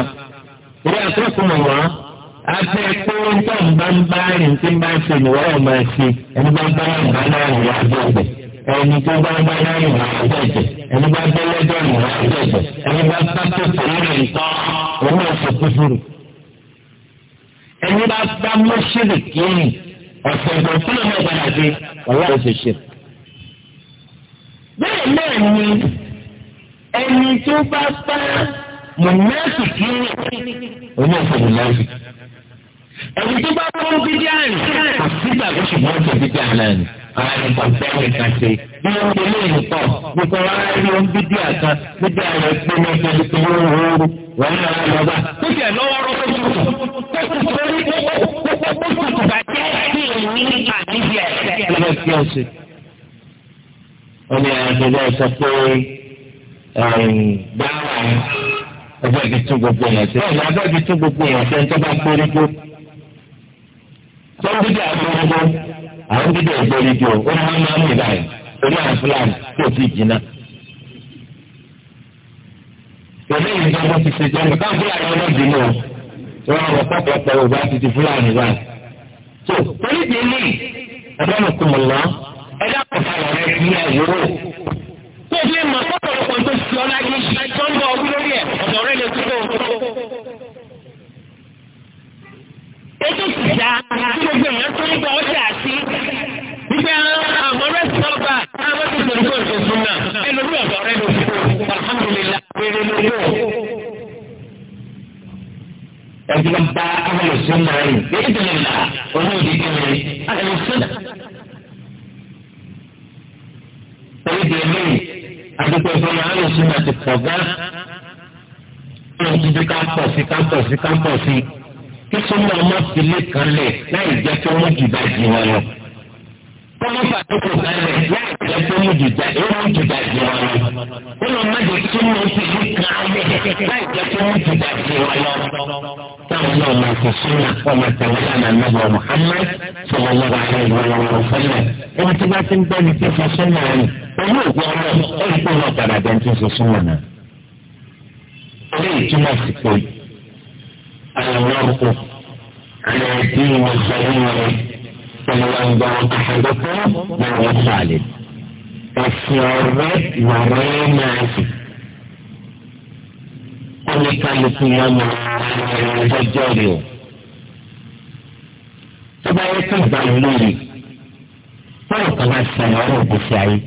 Ìwé ẹni tó bá bá lẹ́yìn rà jẹ̀jẹ̀ ẹni bá bá lẹ́dọ̀rì rà jẹ̀jẹ̀ ẹni bá bá tó tẹ̀lé nǹkan òun ọ̀sẹ̀ kúfúrú. ẹni bá bá mọ́ṣírì kìíní ọ̀sẹ̀ ìgbọ̀nsẹ̀ náà padà dé ọ̀wọ́ ọ̀sẹ̀ ṣe. bẹ́ẹ̀ náà ni ẹni tó bá bá mọ̀nẹ́sì kìíní òun ọ̀sẹ̀ mọ̀nẹ́sì. ẹni tó bá mọ́ bídíà rẹ̀ kò sígbà tó ṣùgbọ́n àárín pàtẹ́wì kan ṣe bí wọ́n ti lé nǹkan nǹkan wọn á rí ohun dídí àkan dídí àrẹ pé wọ́n ti lè fi wọ́n wọ́n rú wọ́n náà wọ́n lọ́ba. títí ẹ̀ lọ́wọ́ rọ́ fún mi. wọ́n ní àgbẹ̀dẹ sọ pé dáhà ẹgbẹ́ ibi tún gbogbo èèyàn ṣe. ọ̀nà abẹ́ ibi tún gbogbo èèyàn ṣe ń tọ́ bá péré tó. tó ń dídí àgbẹ̀dẹ àwọn dídé ìgbèrè di o ó máa ń máa ń mìíràn yìí torí àwọn fúlàní tí ò ti jìnnà. pẹ̀lú ìjọba ti ṣe jẹun káwọn fúlàní ọlọ́dún náà tí wọ́n rọ pọ̀pọ̀pọ̀ òbá ti di fúlàní wa. tó torí ti ní ẹ̀dọ́nù kùmùlọ́ ẹ̀dá kọ̀ọ̀fà rẹ̀ ní ẹ̀yọ́. tó fi mọ̀ pọ̀pọ̀lọpọ̀ tó ti ọ ètò ìjà gbogbo èèyàn tó ń gbọ́ ọjà sí wípé àwọn rẹ́sítọ́ọ̀bà àwọn tó lè gbọ́ ìṣòfin náà ẹlòmí ọ̀dọ́ rẹ̀ ló fi kó alhamdulillah rere lórí o. ẹbí ló bá àwọn òṣèlú náà rìn èyí tó lè là olóòdì kẹrin àwọn òṣèlú. oríṣi eléyìí àdúgbò ìfọ̀nà àwọn òṣèlú náà ti pọ̀ gan-an. wọ́n ti di kápọ̀ sí kápọ̀ sí kápọ̀ sí kí súnmọ́ ọmọ fìlẹ̀ kan lẹ̀ láì jẹ́ kí wọ́n jù bá jù wọn lọ. Wọ́n fà dúkù kan lẹ̀ láì jẹ́ kí wọ́n jù bá jù wọn lọ. Wọ́n lọ má súnmọ́ fìlẹ̀ kan lẹ̀ láì jẹ́ kí wọ́n jù bá wọn lọ. Táwọn náà máa fi súnmọ́ ọmọ tẹ̀wọ́n lánàá lọ́wọ́ Mùhàmmad sọ̀rọ̀ lọ́wọ́ ààrẹ ìwọ̀n lọ́wọ́ fẹ́lẹ̀. Ẹni tí bá ti ń gbẹ́ni tó fi súnmọ́ rẹ̀ الموقف على الدين الخليل فلو أنبأت أحدكم دعوة خالد السيارات وراء ناسي قل كان صيام الجاري تبارك الضمير فرق ما السيارات بسعيد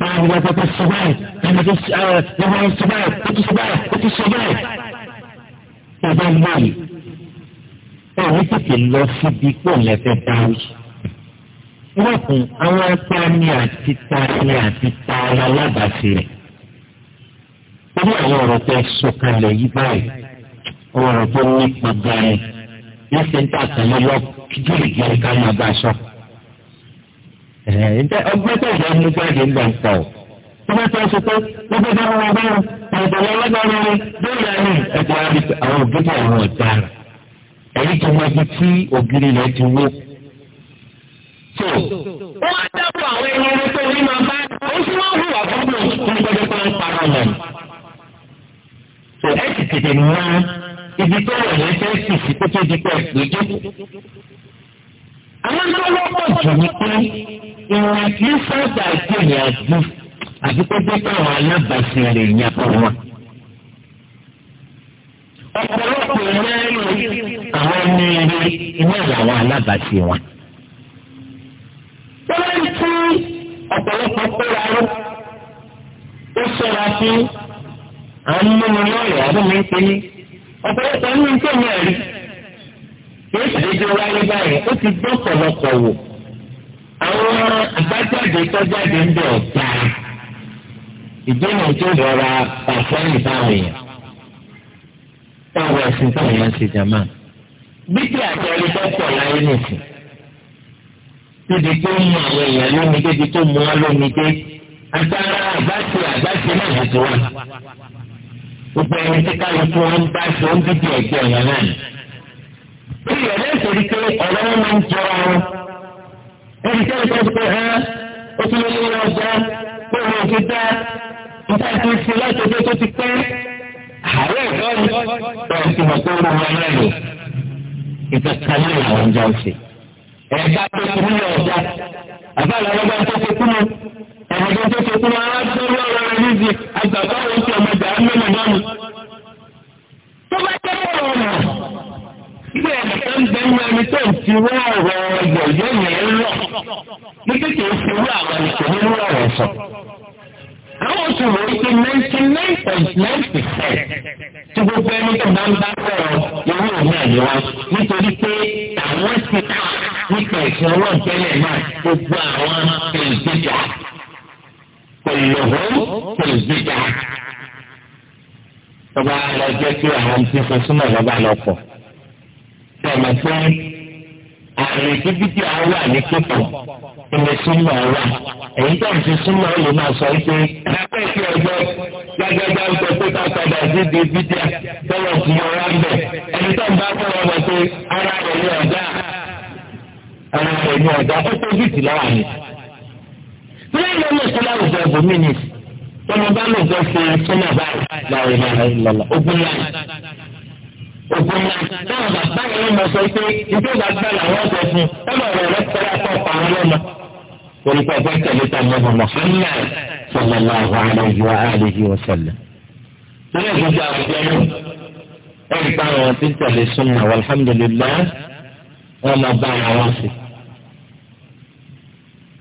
فأنا بقول الصباح أنا بقول الصباح أنا بقول الصباح bàbá lóye báwo tètè lọ síbi pọ̀ lẹ́fẹ̀ẹ́ dáwì. lọ́kùn àwọn atani àti tani àti tara alábàáṣe rẹ̀. orí àwọn ọ̀rọ̀ tẹ sọ̀kalẹ̀ yí báyìí ọ̀rọ̀ tó ní pàgbà rẹ̀ yóò ṣe ń tà kàn lọ kíjìrìgìrì ká máa bá a sọ. ọgbẹ́ tó yẹ mú jáde ń bọ̀ ń pọ̀ o bá ti ṣe pé wọ́n fẹ́ dáhùn wọn báwọn àìdọ̀lẹ́ ọlọ́dọ̀ọ́rẹ́ rẹ bẹ́ẹ̀ yà ni ẹ̀jẹ̀ àbí àwọn ògidì àwọn ọ̀daràn ẹ̀yìn tó mọ ibi tí ògiri rẹ̀ ti wó. tó wọ́n á dábọ̀ àwọn ẹni rẹ pé ní máa ó sì máa hùwà fúnbù tó ń gbọ́dọ̀ pé ń para wọn. tó ẹ ti tètè mọ ibi tó wọ̀ yẹn fẹ́ sì sí kó tó di pẹ́ ìgbẹ́jọ́. àwọn tó jù ní pé ìrìn àti sábà àti pépé táwọn alábàáṣe rẹ̀ yàn fún wọn. ọ̀pọ̀lọpọ̀ mẹ́rin àwọn ní ilé iná làwọn alábàáṣe wọn. wọ́n lè tí ọ̀pọ̀lọpọ̀ kóra rú ó ṣọ́ra sí àwọn mímu lọ́ọ̀yà ọdún mi ń pè ní ọ̀pọ̀lọpọ̀ ní ìjọ náà rí yóò ṣàdédé wáyé báyìí ó ti gbọ́ pọ̀lọpọ̀ wò àwọn àbájáde tó jáde ń bẹ̀ ọ̀tá ìdílé tó rọra pàṣẹ́yìn táwọn èèyàn táwọn ẹ̀sìn táwọn èèyàn ṣe jàmá. bíbí àjọyọ̀ tó pọ̀ láyé nìsín níbi tó mú àwọn èèyàn lómi débi tó mú wọn lómi dé agbára àgbàṣe àgbàṣe náà ló ti wá. gbogbo ẹni tí kálukú wọn bá ṣe ó ń dídì ẹ̀jẹ̀ ọ̀yàn náà. ìyẹn lẹ́sẹ̀ rí pé ọ̀rọ̀ wọn máa ń jọra wọn. ẹni tí wọ́n ti pẹ́ ó tún lé lọ́jọ́ pé wọ́n ti dá nígbà tí ń fi láti ọjọ́ tó ti pẹ́ àárẹ̀ lọ́rùn lọ́rùn ti mọ̀ pé ó wọ náà lò ìgbà kan náà làwọn ń jọ ń ṣe. ẹ̀ka tó ti mú ọ̀dà àbá làwọn ọgbà tó ti kú mọ́ ẹ̀rọ tó ti kú mọ́ arábẹ́rẹ́ ọ̀rọ̀ rẹ̀ níbi àgbàdo àwọn oṣù ọmọdé àmì mọ́nù. tó bá jẹ́ bọ̀rọ̀ ọ̀nà ilé ẹ̀ka ń bẹ ní ẹni tó ń ti wọ́ ọ̀rọ̀ ọ̀gbọ̀n yẹn lọ ti wò ó pé ninety nine point nine percent tí gbogbo ẹni tó bá ń bá sọ̀rọ̀ irú òun ẹ̀ lọ́wọ́ nítorí pé àwọn ti ká nípa ìfẹ́ ọwọ́ ìtẹ́lẹ̀ náà gbogbo àwọn olùdíjà pẹ̀lú olùdíjà. Bàbá lọ jẹ́ àwọn ti fún súnmọ́ bàbá lọ pọ̀. pé àrùn ìdíbìtì àwọn wà ní kíkọ̀ ìmẹ̀sùnmọ̀ wà èyí tó ń fi súnmọ́ lè máa sọ pé ẹgbẹ́ ìfẹ́ ọjọ́ gbẹgbẹgbẹ ń sọ pé ká padà sí di bídíà tọ́lọ̀ sí ọ̀rá ń bẹ̀ ẹni tó ń bá fún ọmọ pé ara rẹ̀ ní ọ̀dà ara rẹ̀ ní ọ̀dà ó tó bìtì láwà ni. bílẹ̀ ìlú ọmọ ìṣẹ́lá òjò ẹ̀bùn mi ni ọmọ bá lè jọ ṣe súnmọ́ báyìí láwọn ìlànà ìlànà ogun láì òfin náà bàbá yẹn lọ sọ pé ìjọba gbà làwọn ọ̀sẹ̀ fún ọmọ rẹ̀ lọ́sọ̀rọ̀ àtọ̀ torí pé ẹgbẹ́ tẹ̀lé ta mọ́mọ́ mọ́fẹ́lẹ́ sọlọ́lá àwọn àlejò àlejò ọ̀sẹ̀lẹ̀. lórí ìgbésẹ̀ àwùjọ náà wọ́n bá àwọn tí ń tẹ̀lé súnmọ́ alhamdulillah wọ́n máa bá ara wọn sí.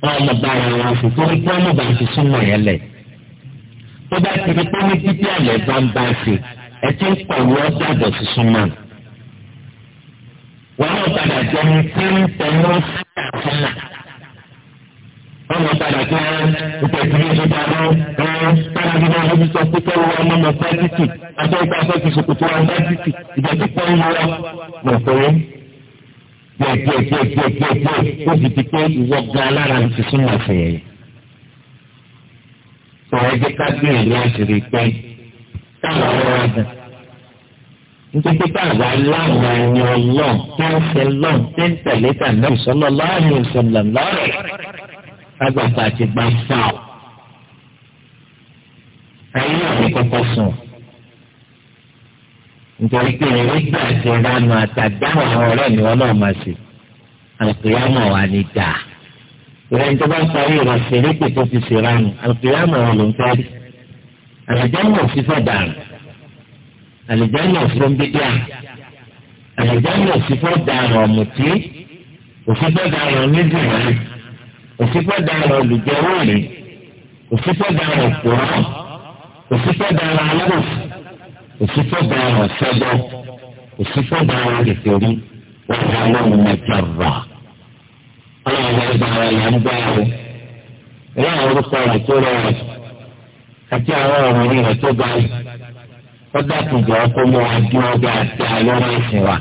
wọ́n máa bá ara wọn sí torí pé wọ́n bá ti súnmọ́ yẹn lẹ̀. tó bá ti di pé ní títí àlẹ́ bá ń bá sí ẹ ti ń pọ̀wé ọjà sí súnmọ́. wọ́n náà padà jẹ́ wọn mọ padà kí wọn ìtẹ̀síwé ti dáná wọn padà kí wọn lójú sọ pé kẹwàá ọmọ mọ fásitì àti ọgbà fẹsẹ̀ ṣòkòtò wọn fásitì ìjà ti pọ́n wọn mọ̀ fẹ́rẹ́ díẹ̀ díẹ̀ díẹ̀ díẹ̀ díẹ̀ díẹ̀ ó sì ti pé ìwọ gan alára ti súnmọ́ fẹ̀yẹ̀ yìí. sọ̀rọ̀ ẹgbẹ́ kábíyèsí láti rí i pé táwọn ọ̀rọ̀ wa dùn nítorí pé àgbà láwọn ẹni ọlọ́ọ̀ tó ń fẹ́ lọ́ọ̀ tó ń tẹ̀lé tà náà sọ́lọ́ láàrin ìṣọ̀lọ̀ lọ́rẹ̀ agbàgbà àti gbàǹfà ọ̀ ayé àwọn kọ́kọ́ sùn nítorí pé ẹ̀rí gbà ti ránu àtàdáhùn àwọn ọ̀rẹ́ mi wọn náà máa ṣe àlùkìyàmọ̀ wà ní dà ìrẹ́ ní tó bá ń parí ìrọ̀sẹ̀ lépè tó fi ṣe ránu àlùkìyàmọ̀ wọn ló ń parí àlùjámọ̀ sí fọ̀dàrùn àlùjámọ̀ sí fọ́nbídíà àlùjámọ̀ sí fọ̀dàrùn ọ̀mùtí òfin fọ̀dàrùn onídìrí òsìkò dára olùjẹwò rè òsìkò dára òpòrọ òsìkò dára aláwòsì òsìkò dára ọ̀sẹ́gbọ́ òsìkò dára ìfèrí wàhálà lọ́wọ́ mẹ́tọ́rọ̀ ọlọ́wọ́ ìgbàlá yà ń gbá o ìyá orúkọ rẹ̀ tó rọrùn àti àwọn ọ̀rọ̀ rẹ̀ tó ga rẹ̀ ọdọ àtúntò ọkọ mọ adúlọ ọgbà àti àlọ́rà ẹ̀sìn wa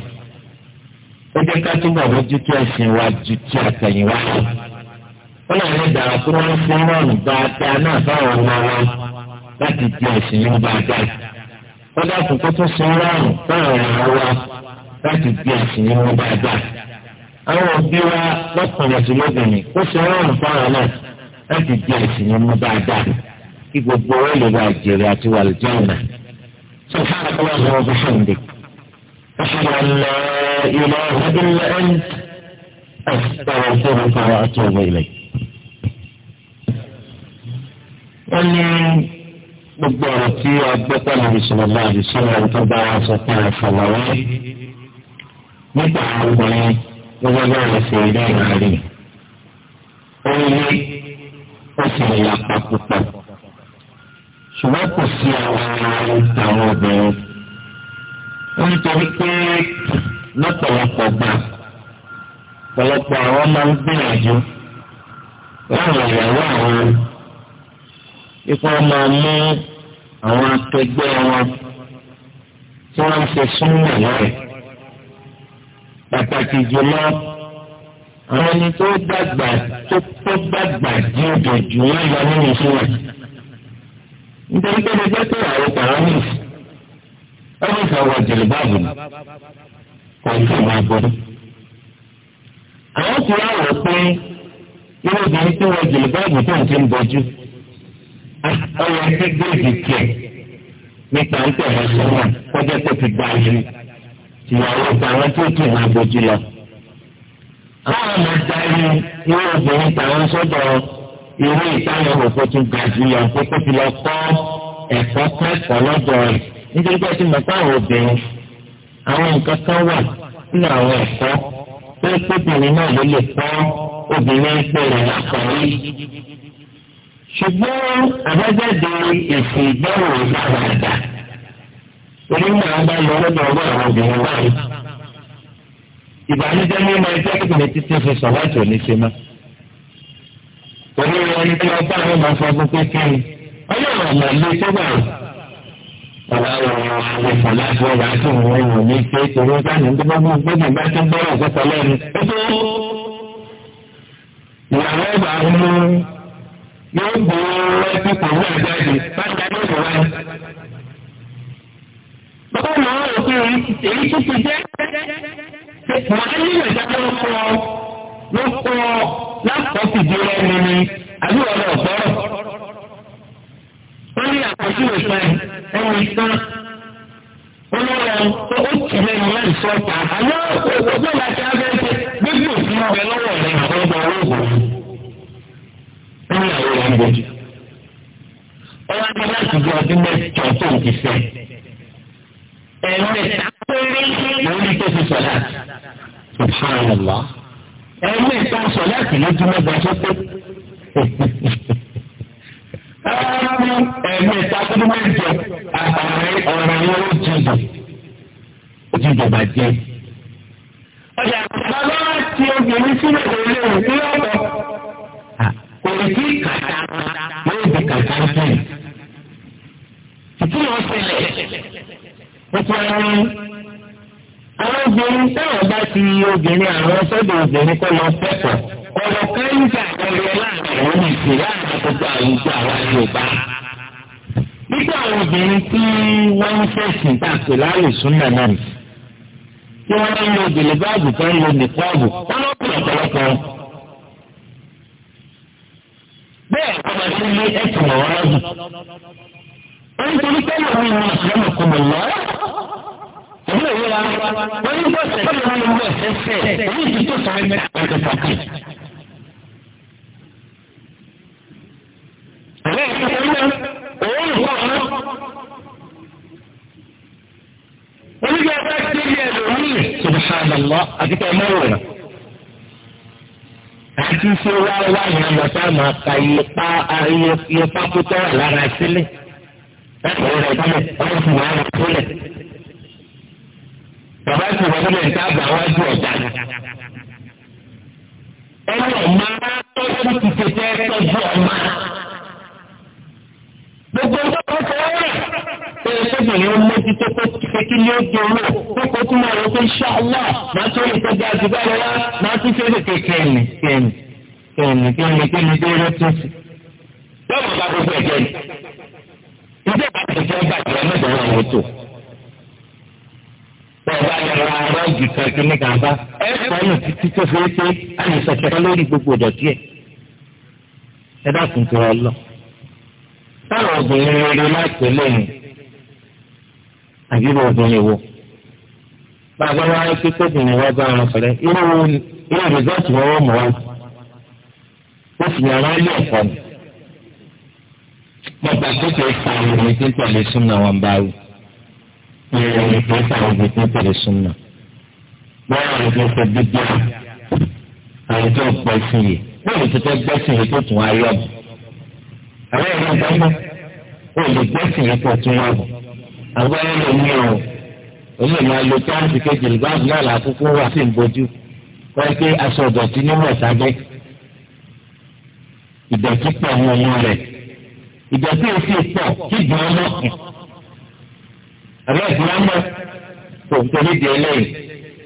ó jẹ́ ká túbọ̀ bójútó ẹ̀sìn wa ju ti àtẹ̀yìnwá lọ wọn náà ní ìdára tí wọn ń fún lọ́ọ̀nù dáadáa náà fáwọn ọmọ wọn láti di ẹ̀sìn yìí dáadáa wọn dákun kó tún fún lọ́ọ̀nù fáwọn ọmọ wọn láti di ẹ̀sìn yìí dáadáa àwọn òbí wa lọ́kùnrin àti lóbìnrin ó fún lọ́ọ̀nù fáwọn náà láti di ẹ̀sìn yìí dáadáa kí gbogbo wọn lè wá ìjèrè àti wàlùjọ́ọ̀nà سبحانك اللهم وبحمدك أشهد أن لا إله إلا أنت أستغفرك وأتوب إليك wọ́n ní gbogbo ọ̀rọ̀ tí agbẹ́pẹ́ lórí sọ̀rọ̀ náà lè sọ̀rọ̀ nípa bá wa sọ pé àfàlàwé nípa ọkùnrin gbogbo bẹ́ẹ̀ ṣe ilé ìrìn ó yé ó sì ń yapa púpọ̀ ṣùgbọ́n kò sí àwọn àwọn obìnrin ó ń torí pé lọ́pọ̀lọpọ̀ gbà ọ̀pọ̀lọpọ̀ àwọn máa ń gbìyànjú láwọn ìyàwó àwọn ipò máa mú àwọn akẹgbẹ́ wọn tí wọ́n ń ṣe súnmọ́ lọ́rẹ̀. pàtàkì jùlọ àwọn ẹni tó dàgbà tó tó dàgbà di odò jù wọ́n lọ nínú fún wa. nítorí pé ẹgbẹ́ tó rà ó pàrọ̀ ní ìfún ẹni sọ̀rọ̀ jìlì báàbù ni kò ní ìfún agbọ́dọ̀. àwọn kìlá wọ̀ pé irú obìnrin tó wọ jìlì báàbù tó ń ti ń bọjú ọyọ ẹgbẹ́ ìdíkẹ́ nípa ń tẹ̀lé sọ́wọ́ kọjá tó ti gba ìlú ìyàwó tàwọn tó tún ìwà bójú lọ. àwọn ọmọ darí irú obìnrin tàwọn sọ́dọ̀ irú ìtayọ̀ òfò tún ga jù lọ pé kó fi lọ kọ́ ẹ̀kọ́ kẹ́kọ̀ọ́ lọ́dọ̀ rẹ̀ nítorí pé tí mo táwọn obìnrin àwọn nǹkan kan wà nínú àwọn ẹ̀kọ́ pé kóbìnrin náà ló lè kọ́ obìnrin pé rẹ̀ lákọ̀ọ́ ṣùgbọ́n àbájáde èsì ìgbẹ́wò ìgbàgbà onímọ̀ àgbà lọ lọ́dọ̀ ọgbà àwọn obìnrin báyìí. ìbànújẹ́ ní ma ẹjẹ́ kíkùnì títí fi sọ̀rọ̀ àti oníṣe mọ́. onímọ̀ ẹni tí wọ́n bá àwọn ọmọ fọdún kékeré ọlọ́run ọ̀nà ilé tó bá rẹ̀. ọ̀la ọ̀rọ̀ àwọn ìfọ̀lá àti ọ̀rọ̀ àti òun ẹ̀wọ̀n ní pé torí ó bá ní gbogbo gbogbo bá ti gbọ́rọ̀ ọ̀sẹ̀ pẹ̀lú ẹni. ìyàwó yóò gbòòrò ẹbí kò ní àjáde bá ń darí òwò wáyé. bàbá mi wọ́n rò pé èyí tó ti jẹ́ màá nílò ìdájọ́ ló kọ́ ló kọ́ lápò fìdí ẹni ni àbí wọn lọ gbọ́rọ̀. wọ́n ní àkọsí òṣùwọ̀n ẹni tán olóòrò tó ó tì lẹ́yìn láì sọ́ọ̀tà àmọ́ òṣèlú àti abẹ́rẹ́ gbogbo òfin ọ̀bẹ lọ́wọ́ rẹ̀ àwọn ọmọ olóògùn ń bójú. wọ́n wá ní láti di ọdún mẹ́jọ tó ń ti fẹ́. ẹ̀rẹ́ àpẹẹrẹ lórí tó fi sọ̀lá. subhanallah. ẹ̀rẹ́ ìta sọ̀lá sì lójú mẹ́jọ tó pé. ẹ̀rẹ́ ìta tó mẹ́jọ àtàrẹ ọ̀rọ̀ yóò jíjọ. jíjọ bàjẹ́. ọjà bàbá ti obìnrin sílẹ̀ lórí òun ní kò sí kàtà yóò di kàtà jù títí wọn ṣẹlẹ̀ ọkọ ẹni àwọn obìnrin táwọn bá ti obìnrin àwọn sọ́dọ̀ obìnrin kọ lọ fẹkọọ ọ̀rọ̀ kẹńtà ọ̀rọ̀ láàrin àwọn ìṣe láàrin gbogbo àwùjọ àwọn Yorùbá nígbà àwọn obìnrin tí wọ́n ń fẹ̀sìn tàpé láàrin súnà náà tí wọ́n ń lo gèlè báàbù tó ń lo nìkọọbù wọ́n lọ bẹ́ẹ̀ ọba sí ilé ẹ̀sìn ọ̀rọ̀ lọ́dún. wọ́n ti ní kẹ́lẹ́ mi ní ìsìlámù kò mọ̀ lọ́. òun lè yẹra wọ́n ní bọ́sẹ̀ tó lè mú ẹ̀sẹ̀ fẹ́ èyí ti tó sọ ẹgbẹ́ àgbẹ̀ pàtàkì. ti ṣe wáwá yẹn lọ sá máa ka ipa ipa kútọ wà lára sílẹ̀ láti rẹ sílẹ̀ wọn sì máa rẹ sílẹ̀ bàbá sì wọ́n sílẹ̀ ní táàbà wájú ọ̀dà ẹni ọ̀ma tọ́jú ti ṣe fẹ́ tọ́jú ọ̀ma gbogbo ọjọ́ tó rẹ̀ ṣe ṣébìnrin mójútó tó ṣe kí ni ó di owó kókó tó máa rọ pé ṣáà wà máa tó ìtọ́jú àdúgbò rẹ̀ wá máa tún ṣe é lè kékeré nìkéyìn kéènì kéènì kéènì tó rẹ tó sí. lọ́wọ́ bá gbogbo ẹ̀jẹ̀ ni ìdí ìbáṣe jẹ́ bàjẹ́ mẹ́jọ wọn ò tó. Bọ̀dá yẹra rọ́ọ̀gì kan kí ní gàmbá. Ẹ pẹ̀lú títí tó fi pé a lè sọ̀tẹ̀ lórí gbogbo ìdọ̀tí ẹ̀. Ẹ dákun tó ọ lọ. Táwọn obìnrin rere láìpẹ́ lẹ́yìn. Àbíbọ̀ obìnrin wo? Bàbá wa ẹ pé kóbìnrin wa bá wọn sọ̀rẹ́. Irú irú rìsọ́ọ̀tì wọn wọ́n mọ̀ wá sí yàrá ilé ẹ̀kọ́ ni mo gbà pé kò fa ìròyìn tí ń tẹ̀lé súnmọ́ wọn bá wù ìròyìn tó fa ìròyìn tí ń tẹ̀lé súnmọ́ wọ́n yà ló fẹ́ gbígbé àwọn tó pọ̀ sí i wọ́n lè tètè gbẹ́sìn yìí tó tún ayọ̀ bù àwọn ìlú gbọ́dọ̀ wọ́n lè gbẹ́sìn yìí tó tún ayọ̀ bù àwọn ìlú mi ò olè máa lo táǹtì kejì ìgbà náà làkúkú wà sí ìbojú wọ́n ké aṣọ ọ̀dọ̀tí nínú ọ̀tá bẹ́ẹ̀ ìdọ̀tí pọ̀ ní ọmọ rẹ̀ ìdọ̀tí òsì pọ̀ kí ìdùn ọmọ kù àbẹ́ ìdùn ọmọ kò torí di eléyìí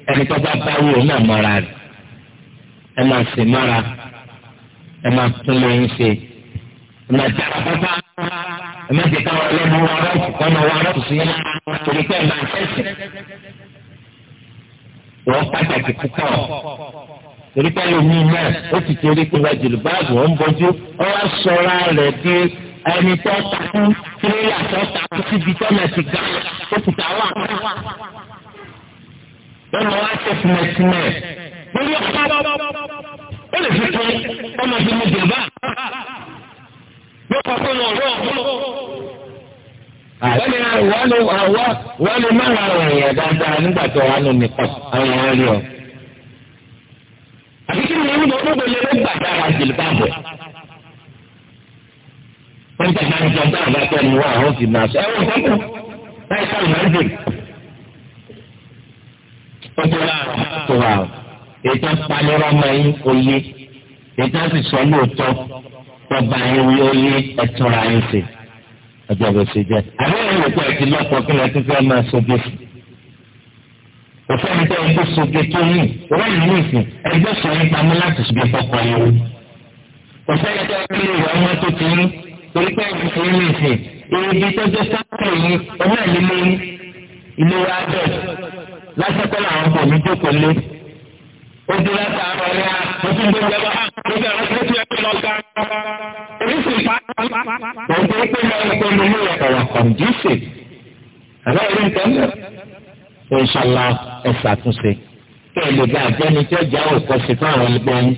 ẹni tó bá báwí òun náà mọ́ra rẹ̀ ẹ máa sì mọ́ra ẹ máa tún lóyún ṣe ẹ máa jára pápá ẹ máa ti káwọn ẹlẹ́nu wọn rọ́ọ̀tù kọ́nà wọn rọ́ọ̀tù sí yín torí pé ẹ máa fẹ́sẹ̀ wọ́n pàtàkì púpọ̀ torí pẹ́lú mi náà ó sì torí pé wájú báàbò ó ń bójú ó wá sọra rẹ̀ di ẹni tó takú tírélà tó takú síbi tọ́lẹ̀ ti ga ó ti ta wà. lọ́nà wá ṣe tìmẹ̀tìmẹ̀ lórí ọ̀pá ó lè fi pé ọmọ ìdí mi jìlbà ló kọ́ pé wọn wọ́n lè wọ́n lè máa ra ọ̀rọ̀ yẹn dáadáa nígbà tó wà nù nìkan àwọn èèyàn rí àbí kí ni wọ́n lọ gbogbo lè lọ́gbà dára jìlìbá bọ̀. wọ́n ti máa ń jọ bá àgbà pẹ̀lú wọn àwọn fi máa sọ ẹ̀wọ̀n kọ́kọ́ láì ká ìwà dè. ó tó wà tó wà ètò palẹ́rọ́ ọmọ yín kò yé ètò àti sọ lóòótọ́ tọba yín wí ó yé ẹ̀tọ́ra yín sí ọjọ́ bó ṣe jẹ́. àbẹ́rẹ́ ìwòkọ́ ẹ̀ ti lọ́kọ̀ọ́ kí lọ́ọ́ òfẹ́ni tẹ́ ọkọ̀ sókè tó yìn wọ́n ní ìsìn ẹgbẹ́ sọ̀rọ̀ pamọ́ láti ṣùgbọ́n fọkọ̀ yìí o. òfẹ́ni tẹ́ ọkọ̀ lè wọ ọmọ tó ti ní torí pé ẹ̀yìn fún yín nìsín ibi tọ́jú sáfẹ́ yìí ọmọ ẹ̀ lílé ilé wa bẹ̀ lásìkò làwọn bò mí jókòó lé. ó di látàárọ̀ ní a mo tún gbé ìjọba àgbẹ̀dẹ ọ̀sẹ̀ tí ẹ lọ ga oríṣi ìpá. òun tó ń pè tó ń ṣàlá ẹ ṣàtúnṣe kí ẹ lè bá àjẹni tí ọjà òkọ sí fún àwọn ẹgbẹ́ yín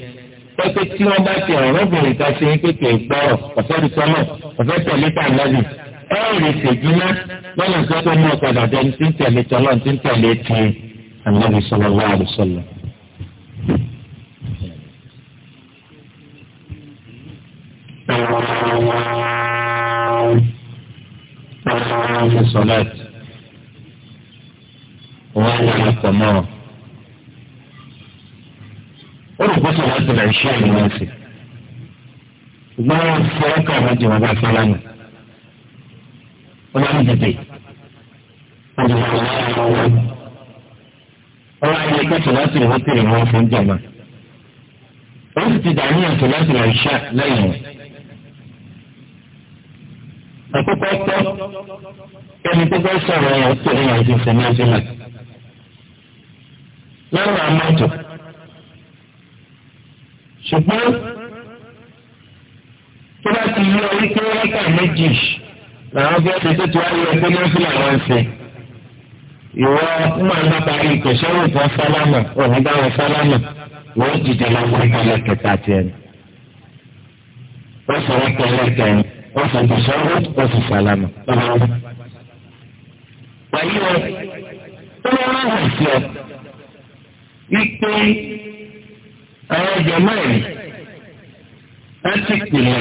pẹpẹ tí wọn bá ti ọ̀rọ̀ obìnrin kan ṣe é kékeré gbọrọ ọfẹ tọmọ ọfẹ tẹ̀lé tàlẹbi ẹ rè ṣèjìnà lọ́nà tó tó mú ọkọ dàdé ní ń tẹ̀lé tọlọ ní ti ń tẹ̀lé ti ànábi sọlọ wà lù sọlọ. Thank you wọn á lè pọ̀ mọ́ wọn. ó lè gbèsè láti rà iṣẹ́ àyè wọn sí. ìgbọ́n wọn fẹ́ ọkọ̀ àwọn jù wọn bá fẹ́ lánàá. wọ́n máa ń dìde. wọ́n ti wọ́n wá wọn. wọ́n á lè gbèsè láti rà wọ́pẹ̀rẹ̀ wọn fún jọ̀mọ́. ó sì ti dàní àti láti rà iṣẹ́ lẹ́yìn wọn. àkókò ọ̀pọ̀ ẹni tó bá sọ̀rọ̀ ẹ̀ ọ̀pọ̀ ẹ̀yàn ti sẹ́ni ẹ̀sìn náà lọ́rùn amọ́tò ṣùgbọ́n tó bá ti yọ orí pé rákà méjì làwọn bí wọ́n ti tó ti wá yọ pé wọ́n fi làwọn ń fẹ́ ìwọ máa ń bá parí ìkọ̀sẹ́wò fún sálámà òní bá wọn sálámà wọ́n dìde lọ́wọ́ ìpínlẹ̀ kẹta tiẹ̀ wọ́n sọ̀rọ̀ pẹ̀lú kẹrin wọ́n sọ ìkọ̀sẹ́wò wọ́n sì sálámà lọ́wọ́. wàyí wọn tó lọ́wọ́ hàn wípé àwọn ọjọ́mọ́ ẹ̀ láti pìlẹ̀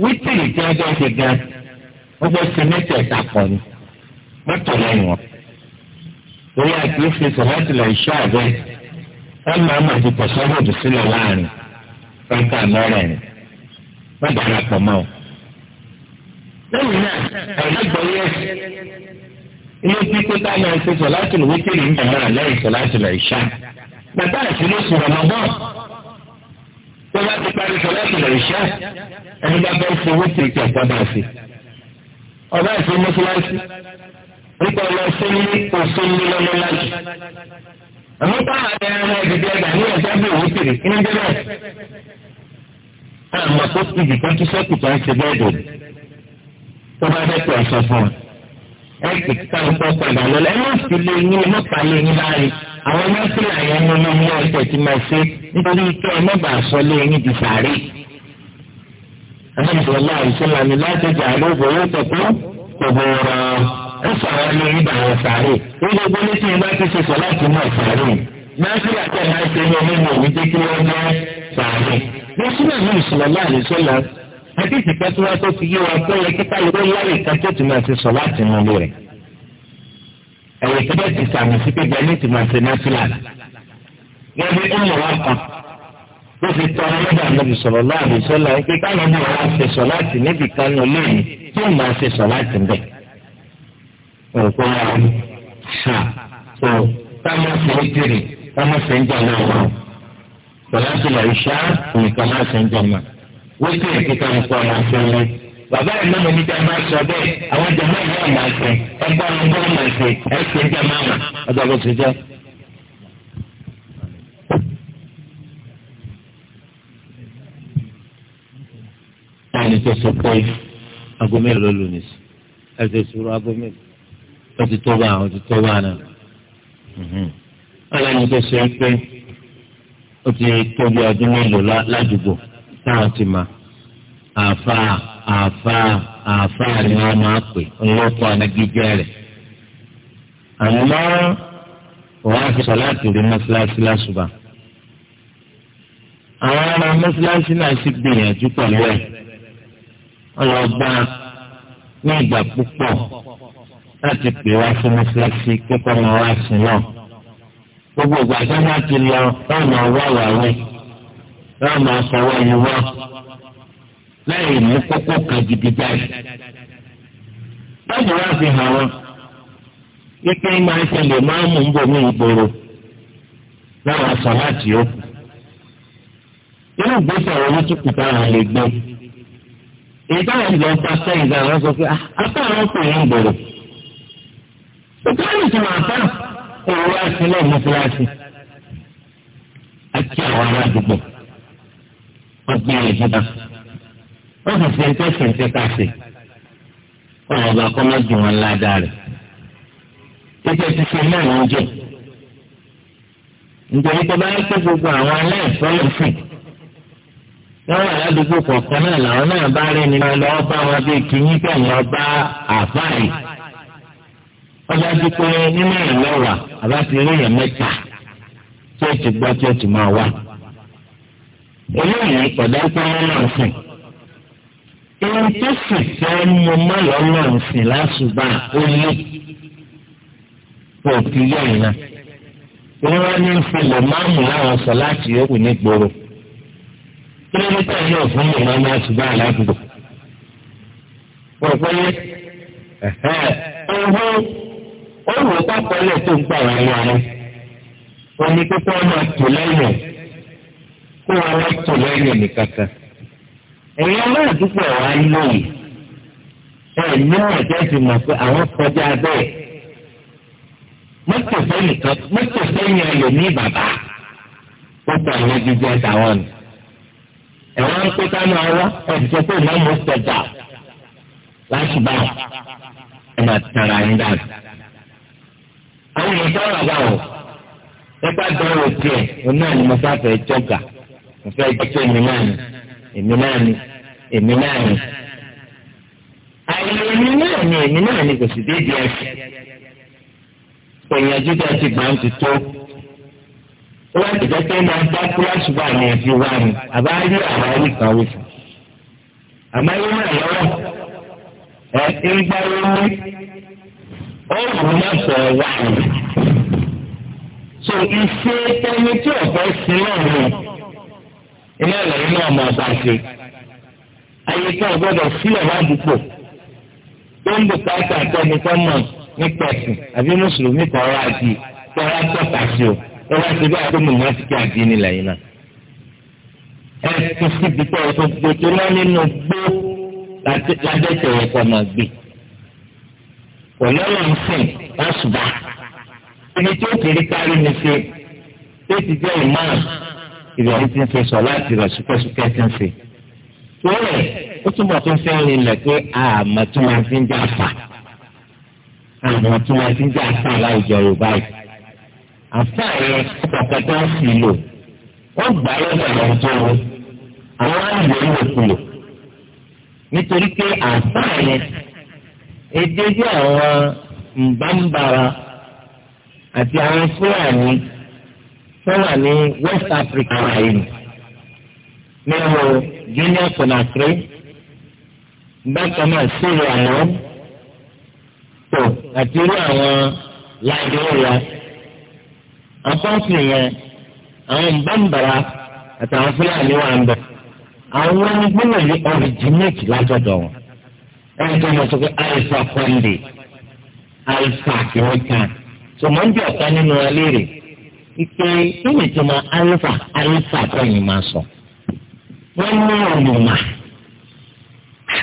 wítìrì tí wọ́n jọ ṣe gan ọgbọ́ sẹ́mẹ́tì ẹ̀ta pọ̀ ni mọ́tò lẹ́yìn wọn. lórí àti ìfẹ́ sọ̀rọ̀tì lọ iṣẹ́ àbẹ́ wọ́n máa ma ti pọ̀ sọ́wọ́dù sílẹ̀ láàrin pẹ́ńtà mọ́rẹ̀ ni wọ́n dára pọ̀ mọ́ ọ. lẹ́yìn náà ẹ̀rọ ìgbọ̀nyẹ́ ilé tí pé ká máa ṣe sọ láti lè wípé ní ìjọba lẹ́yìn sọ láti lè ṣá bàbá ìṣúná sọ rọmọbọ́n tó bá ti parí sọ láti lè ṣá ẹni bá bá fún owó tètè ọ̀pọ̀dà sí ọba ìṣúná mọ́ṣáláṣí nípa ọlọ́sìn ní òsín ní lọ́lọ́lájì àmọ́ táwọn àti ẹran ìdíje ẹgbà ní ọjọ́ bí òun tèrè kí ní bẹ́ẹ̀ àmọ́ tó ti dìkan tó sẹ́kù tó ń ṣe bẹ́ẹ̀ dòdò tó bá fẹ́ pẹ̀ ọ̀sán ẹ sì ká ọkọ padà lọ́lọ́ ẹ má sì lé yín ẹ má pa lé yín láàrin àwọn nọ́ọ̀sìlà yẹn ní ọmọ ní ọ̀sẹ̀ tí máa ṣe nítorí ike ẹ má bàa sọ lé yín di sàárè. àwọn ìṣòro náà ìṣòro àmì láti jà lóògùn owó tẹ̀kọ́ kò bọ̀rọ̀ ẹ sọ àwọn lé yín bàa sàárè. ó lè gbọ́ létí yín bá ti ṣe sọ láti mọ̀ sàárè. nọ́ọ̀sìlà tẹ̀ máa ṣe ní ọmọ ìmọ̀ òní jẹ́ kí wọ́n jẹ́ sàárè. bí àti ìsìnkẹ́ tí wọ́n tó fi yé wọn pé yẹn kíkà ló láyè kan tó ti máa ṣe sọ láti mú lò rẹ̀. ẹ̀wẹ̀ tí bẹ́ẹ̀ ti sàmì sí pé bẹ́ẹ̀ ní ti máa ṣe náfìlà. gẹ́gẹ́ bí ọmọ wa kan ló fi tọrọ lọ́dọ̀ ànábì sọ̀rọ̀ láàbì sọ́lá pé káwọn ọmọ wa ṣe sọ láti níbi kan nù lónìí tí ó máa ṣe sọ láti bẹ̀. òkú wa ṣá tó táwọn ṣe ń tèrè táwọn ṣe ń jẹ náà wọn wípé ìkíkà ń pọ̀ máa fún mi. bàbá yìí náà ní jàmbá sọ bẹ́ẹ̀ àwọn jàmbá yìí wà máa sè ẹgbẹ́ àwọn gbọ́dọ̀ máa sè ẹ̀sìn ń jàmbá mà ọjọ́ bó ti jẹ́. ẹni tó sọ pé aago mélòó ló ní sí ẹsẹ̀ ìṣòro aago mélòó ó ti tó bá àwọn ó ti tó bá náà. Mhm. ọlọ́run tó sọ pé ó ti tó bí ọdún mélòó ládùúgbò táwọn ti ma àfa àfa àfa ni wọn máa pè ńlọpọ anagijẹ rẹ àmọ́ wọn á fi sọláàtì rí mọ́sálásí lásùbà àwọn ará mọ́sálásí náà sì gbìyànjú pẹ̀lú ẹ̀ ọlọ́gbà ní ìgbà púpọ̀ láti pè wá fún mọ́sálásí kíkọ́ máa wá sí náà gbogbo ìgbà tí wọ́n ti lọ báwọn máa wá wà wẹ́ẹ̀. yóò máa sọ̀rọ̀ ẹ̀yìn wá láì mú kókó kan gidi jáde. báyìí wá fi hàn wọn pípé máa ń ṣẹlẹ̀ máa ń mú bomi ìgboro láwọn aṣọ láti ó. inú ìgbésẹ̀ wọn ló tún kùtà àwọn lè gbé. èyí táwọn ìjọ ń sẹ́yìn dáa wọ́n sọ pé ah, apá àwọn kò ìtọ́jú òwúrọ̀ àti ilé wọ́n gbé yẹn jí náà wọ́n sì ṣe wọ́n lọ bá kọ́mọ́ jù wọn ládàá rẹ̀ ti ṣe náà wọ́n jẹ́ nítorí tó bá yẹ kó gbogbo àwọn lọ sí wà ládùúgbò kọ̀ọ̀kan náà làwọn náà bá rẹ̀ nínú bá wọn kìíní ọba ọba ti pé nínú àbá ti rí eléyìí kọ̀dá ń pẹ́ lọ́nà sìn ohun tó sì fẹ́ mú má lọ́nà sìn lásùbà ó lé kò fi yá ìlà wọ́n wá ní ìfilọ̀ máàmù láwọn sọ láti yókù ní gbòòrò kí ló tẹ̀ yóò fún mi lọ́nà àṣùbà aládùúgbò pọ̀pọ̀ ọ̀hún pápọ̀ kó wọn wá tò lẹ́yìn ẹnìkankan. ẹ̀yin ọmọ àdúgbò wa lóye ẹ̀ ní ọ̀jẹ́ ti mọ̀ pé àwọn kọjá bẹ́ẹ̀ mọ́tò sẹ́yìn ẹ̀lò ní bàbá ó tọ àwọn jíjẹ́ àtàwọn nù. ẹ̀wọ́n ń pé kánú ọwọ́ ẹ̀sìn tó pé ìmọ̀ mọ́ sọ̀tà láti bá wọn ẹ̀ máa tara ẹ̀ ń dànù. àwọn èèyàn sọ̀rọ̀ àbáwọ̀ ẹgbẹ́ àdánwò tiẹ̀ òun náà ni mo sáfẹ́ jọ̀gà nfẹ́ jẹ́ èmi náà ni èmi náà ni èmi náà ni. àwọn èmi náà ni èmi náà ni kò sì déédé ẹsẹ̀. ìyànjú tó ti gbà ń ti tó. ó wá ti jẹ́ máa bá kíláàsì wà ní ẹ̀fí wá ni àbá rí àwọn orí kan wí fún. àmọ́ náà lọ́wọ́ ẹ̀ ń gbá lórí ó wù má sọ wà ní. so iṣẹ́ tẹ́ni tí ọ̀fẹ́ sí náà ni iná ìlànà náà máa bá ṣe ayé tí a gbọ́dọ̀ sílẹ̀ ládùúgbò tó ń bò káàkiri àtẹni tó mọ̀ nípa ẹ̀sìn àbí mùsùlùmí kan wá di tó wá tọ́ka sí o tó wá ti bí àdúgbò náà ti kí àdín nílẹ̀ yìí náà. ẹ̀sìn síbi tó ọ̀sán gbòtò náà nínú gbó ládẹ́tẹ̀ rẹ̀ kọ́ máa gbé. ọ̀lọ́run sìn lásùbà ẹni tó kiri kárí mi ṣe tó ti jẹ́ ìmáàmù ìrọ̀lẹ́ ti ń ṣe sọ láti rẹ̀ súkẹ́súkẹ́ ti ń ṣe. Tórẹ̀ ó túbọ̀ tó fẹ́ rinlẹ̀ pé àmọ́ tí wọ́n fi ń jà fà àmọ́ tí wọ́n fi ń jà fà láwùjọ Yorùbá yìí. Àfà yẹn ọ̀pọ̀ tó ń fi lò wọ́n gbà lọ́dọ̀ àwọn tó wọ́n àwọn àgbẹ̀ ń lò kulò. Nítorí pé àfà yẹn èdè bí àwọn mbàmbàrà àti àwọn fúlàní wọ́n wà ní West Africa wáyé ni nínú Guinea Conakry bákan náà Sierra Leone tó àti irú àwọn Liberia àkọ́ǹtì yẹn àwọn mbàmbàrà àtàwọn Fúlàní wà ń bẹ̀ àwọn gbọ́dọ̀ ní originate látọ̀dọ̀ wọn ẹni tó mọ̀ sọ pé Alpha Condé Alpha kìíní tòmọ́ndì ọ̀kan nínú ẹ léèrè ìpè kíni tó máa alifa alifa kọ́yìn máa sọ. wọ́n ní ọ̀nùmá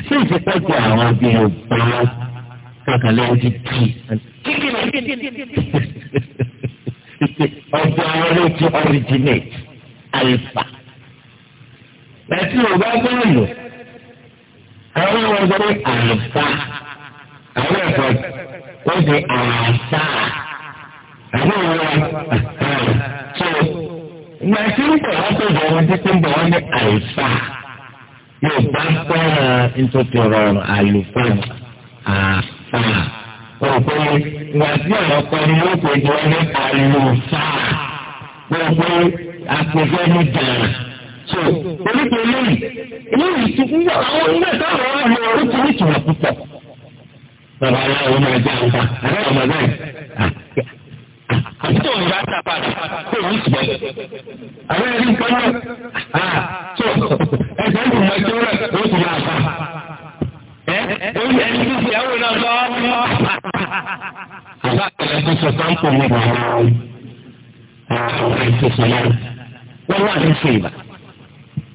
tí ìfi pẹ́jọ àwọn obìnrin ògbọ́n kàkàlẹ́ ojú kì í. ọjọ́ ọ̀rẹ́ ti originate alifa. bẹ́ẹ̀ni ò bá bẹ́ẹ̀ lò àwọn ọ̀gbọ́n alifa àwọn ọ̀gbọ́n ó di àṣà àwọn ọ̀gbọ́n ìgbà tí ń bọ̀ wọ́n tó bọ̀ wọ́n títí ń bọ̀ wọ́n ní àìsà yóò bá fẹ́ràn nítorí rọrùn àlùfáà àfà òpè ìgbà tí ọ̀rọ̀ kan ní ó pè jọ ní àlùfáà òpè àpèjọ ní dàrà so oníkè lóyìn lóyìn tí àwọn ilé ìtàwọn ọmọ orúkọ ní ìtura púpọ̀ bàbá aláwo máa jẹ àgbà àlẹ́ ọ̀mọdé àti tó ìyá sábà tó ń sọ ẹ. àwọn ẹni nǹkan náà tó ah, ẹgbẹ́ ìlú mẹ́tọ́ rẹ̀ ó ti máa bá. ẹ orí ẹni tó ti ẹwọ náà lọ. àbá àtàlẹ́ tó sọ sáńpù mi nà àwọn ẹni tó sọ náà wọ́n wà ní sèbà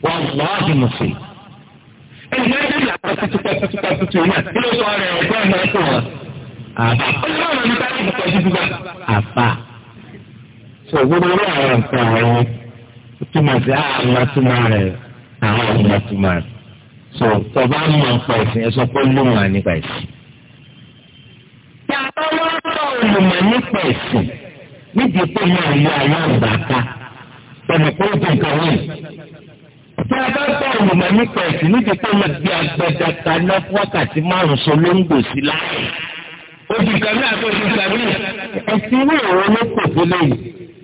wọ́n wọ́n á di mọ̀ sèbà. ẹni náà ti là á tutupẹ́ tutupẹ́ tutupẹ́ náà kí ló sọ rẹ̀ ẹ̀gbọ́n náà tó wọn. àbá ó ní wọn lọ ní táyà ìbùkún ẹ̀jú sọ gbogbo ní àwọn nǹkan àwọn túmọ̀ sí àwọn ah, túmọ̀ rẹ̀ àwọn ọmọ túmọ̀ rẹ̀ sọ tọba ń mọ nípa ẹ̀sìn ẹ sọ pé ló mọ̀ nípa ẹ̀sìn. yàtọ̀ wọn bá olùmọ̀ nípa ẹ̀sìn níbi pé máa yọ àwọn àgbà ká pẹ̀lú pé ó dùn kan wọ̀nyí tí a bá bá olùmọ̀ nípa ẹ̀sìn níbi tó lọ bí agbẹ́dá ta ná wákàtí márùn-ún sọ ló ń gbò sí láàyè. òbí kan náà tó ti ẹ̀sìn ìwé ìrònú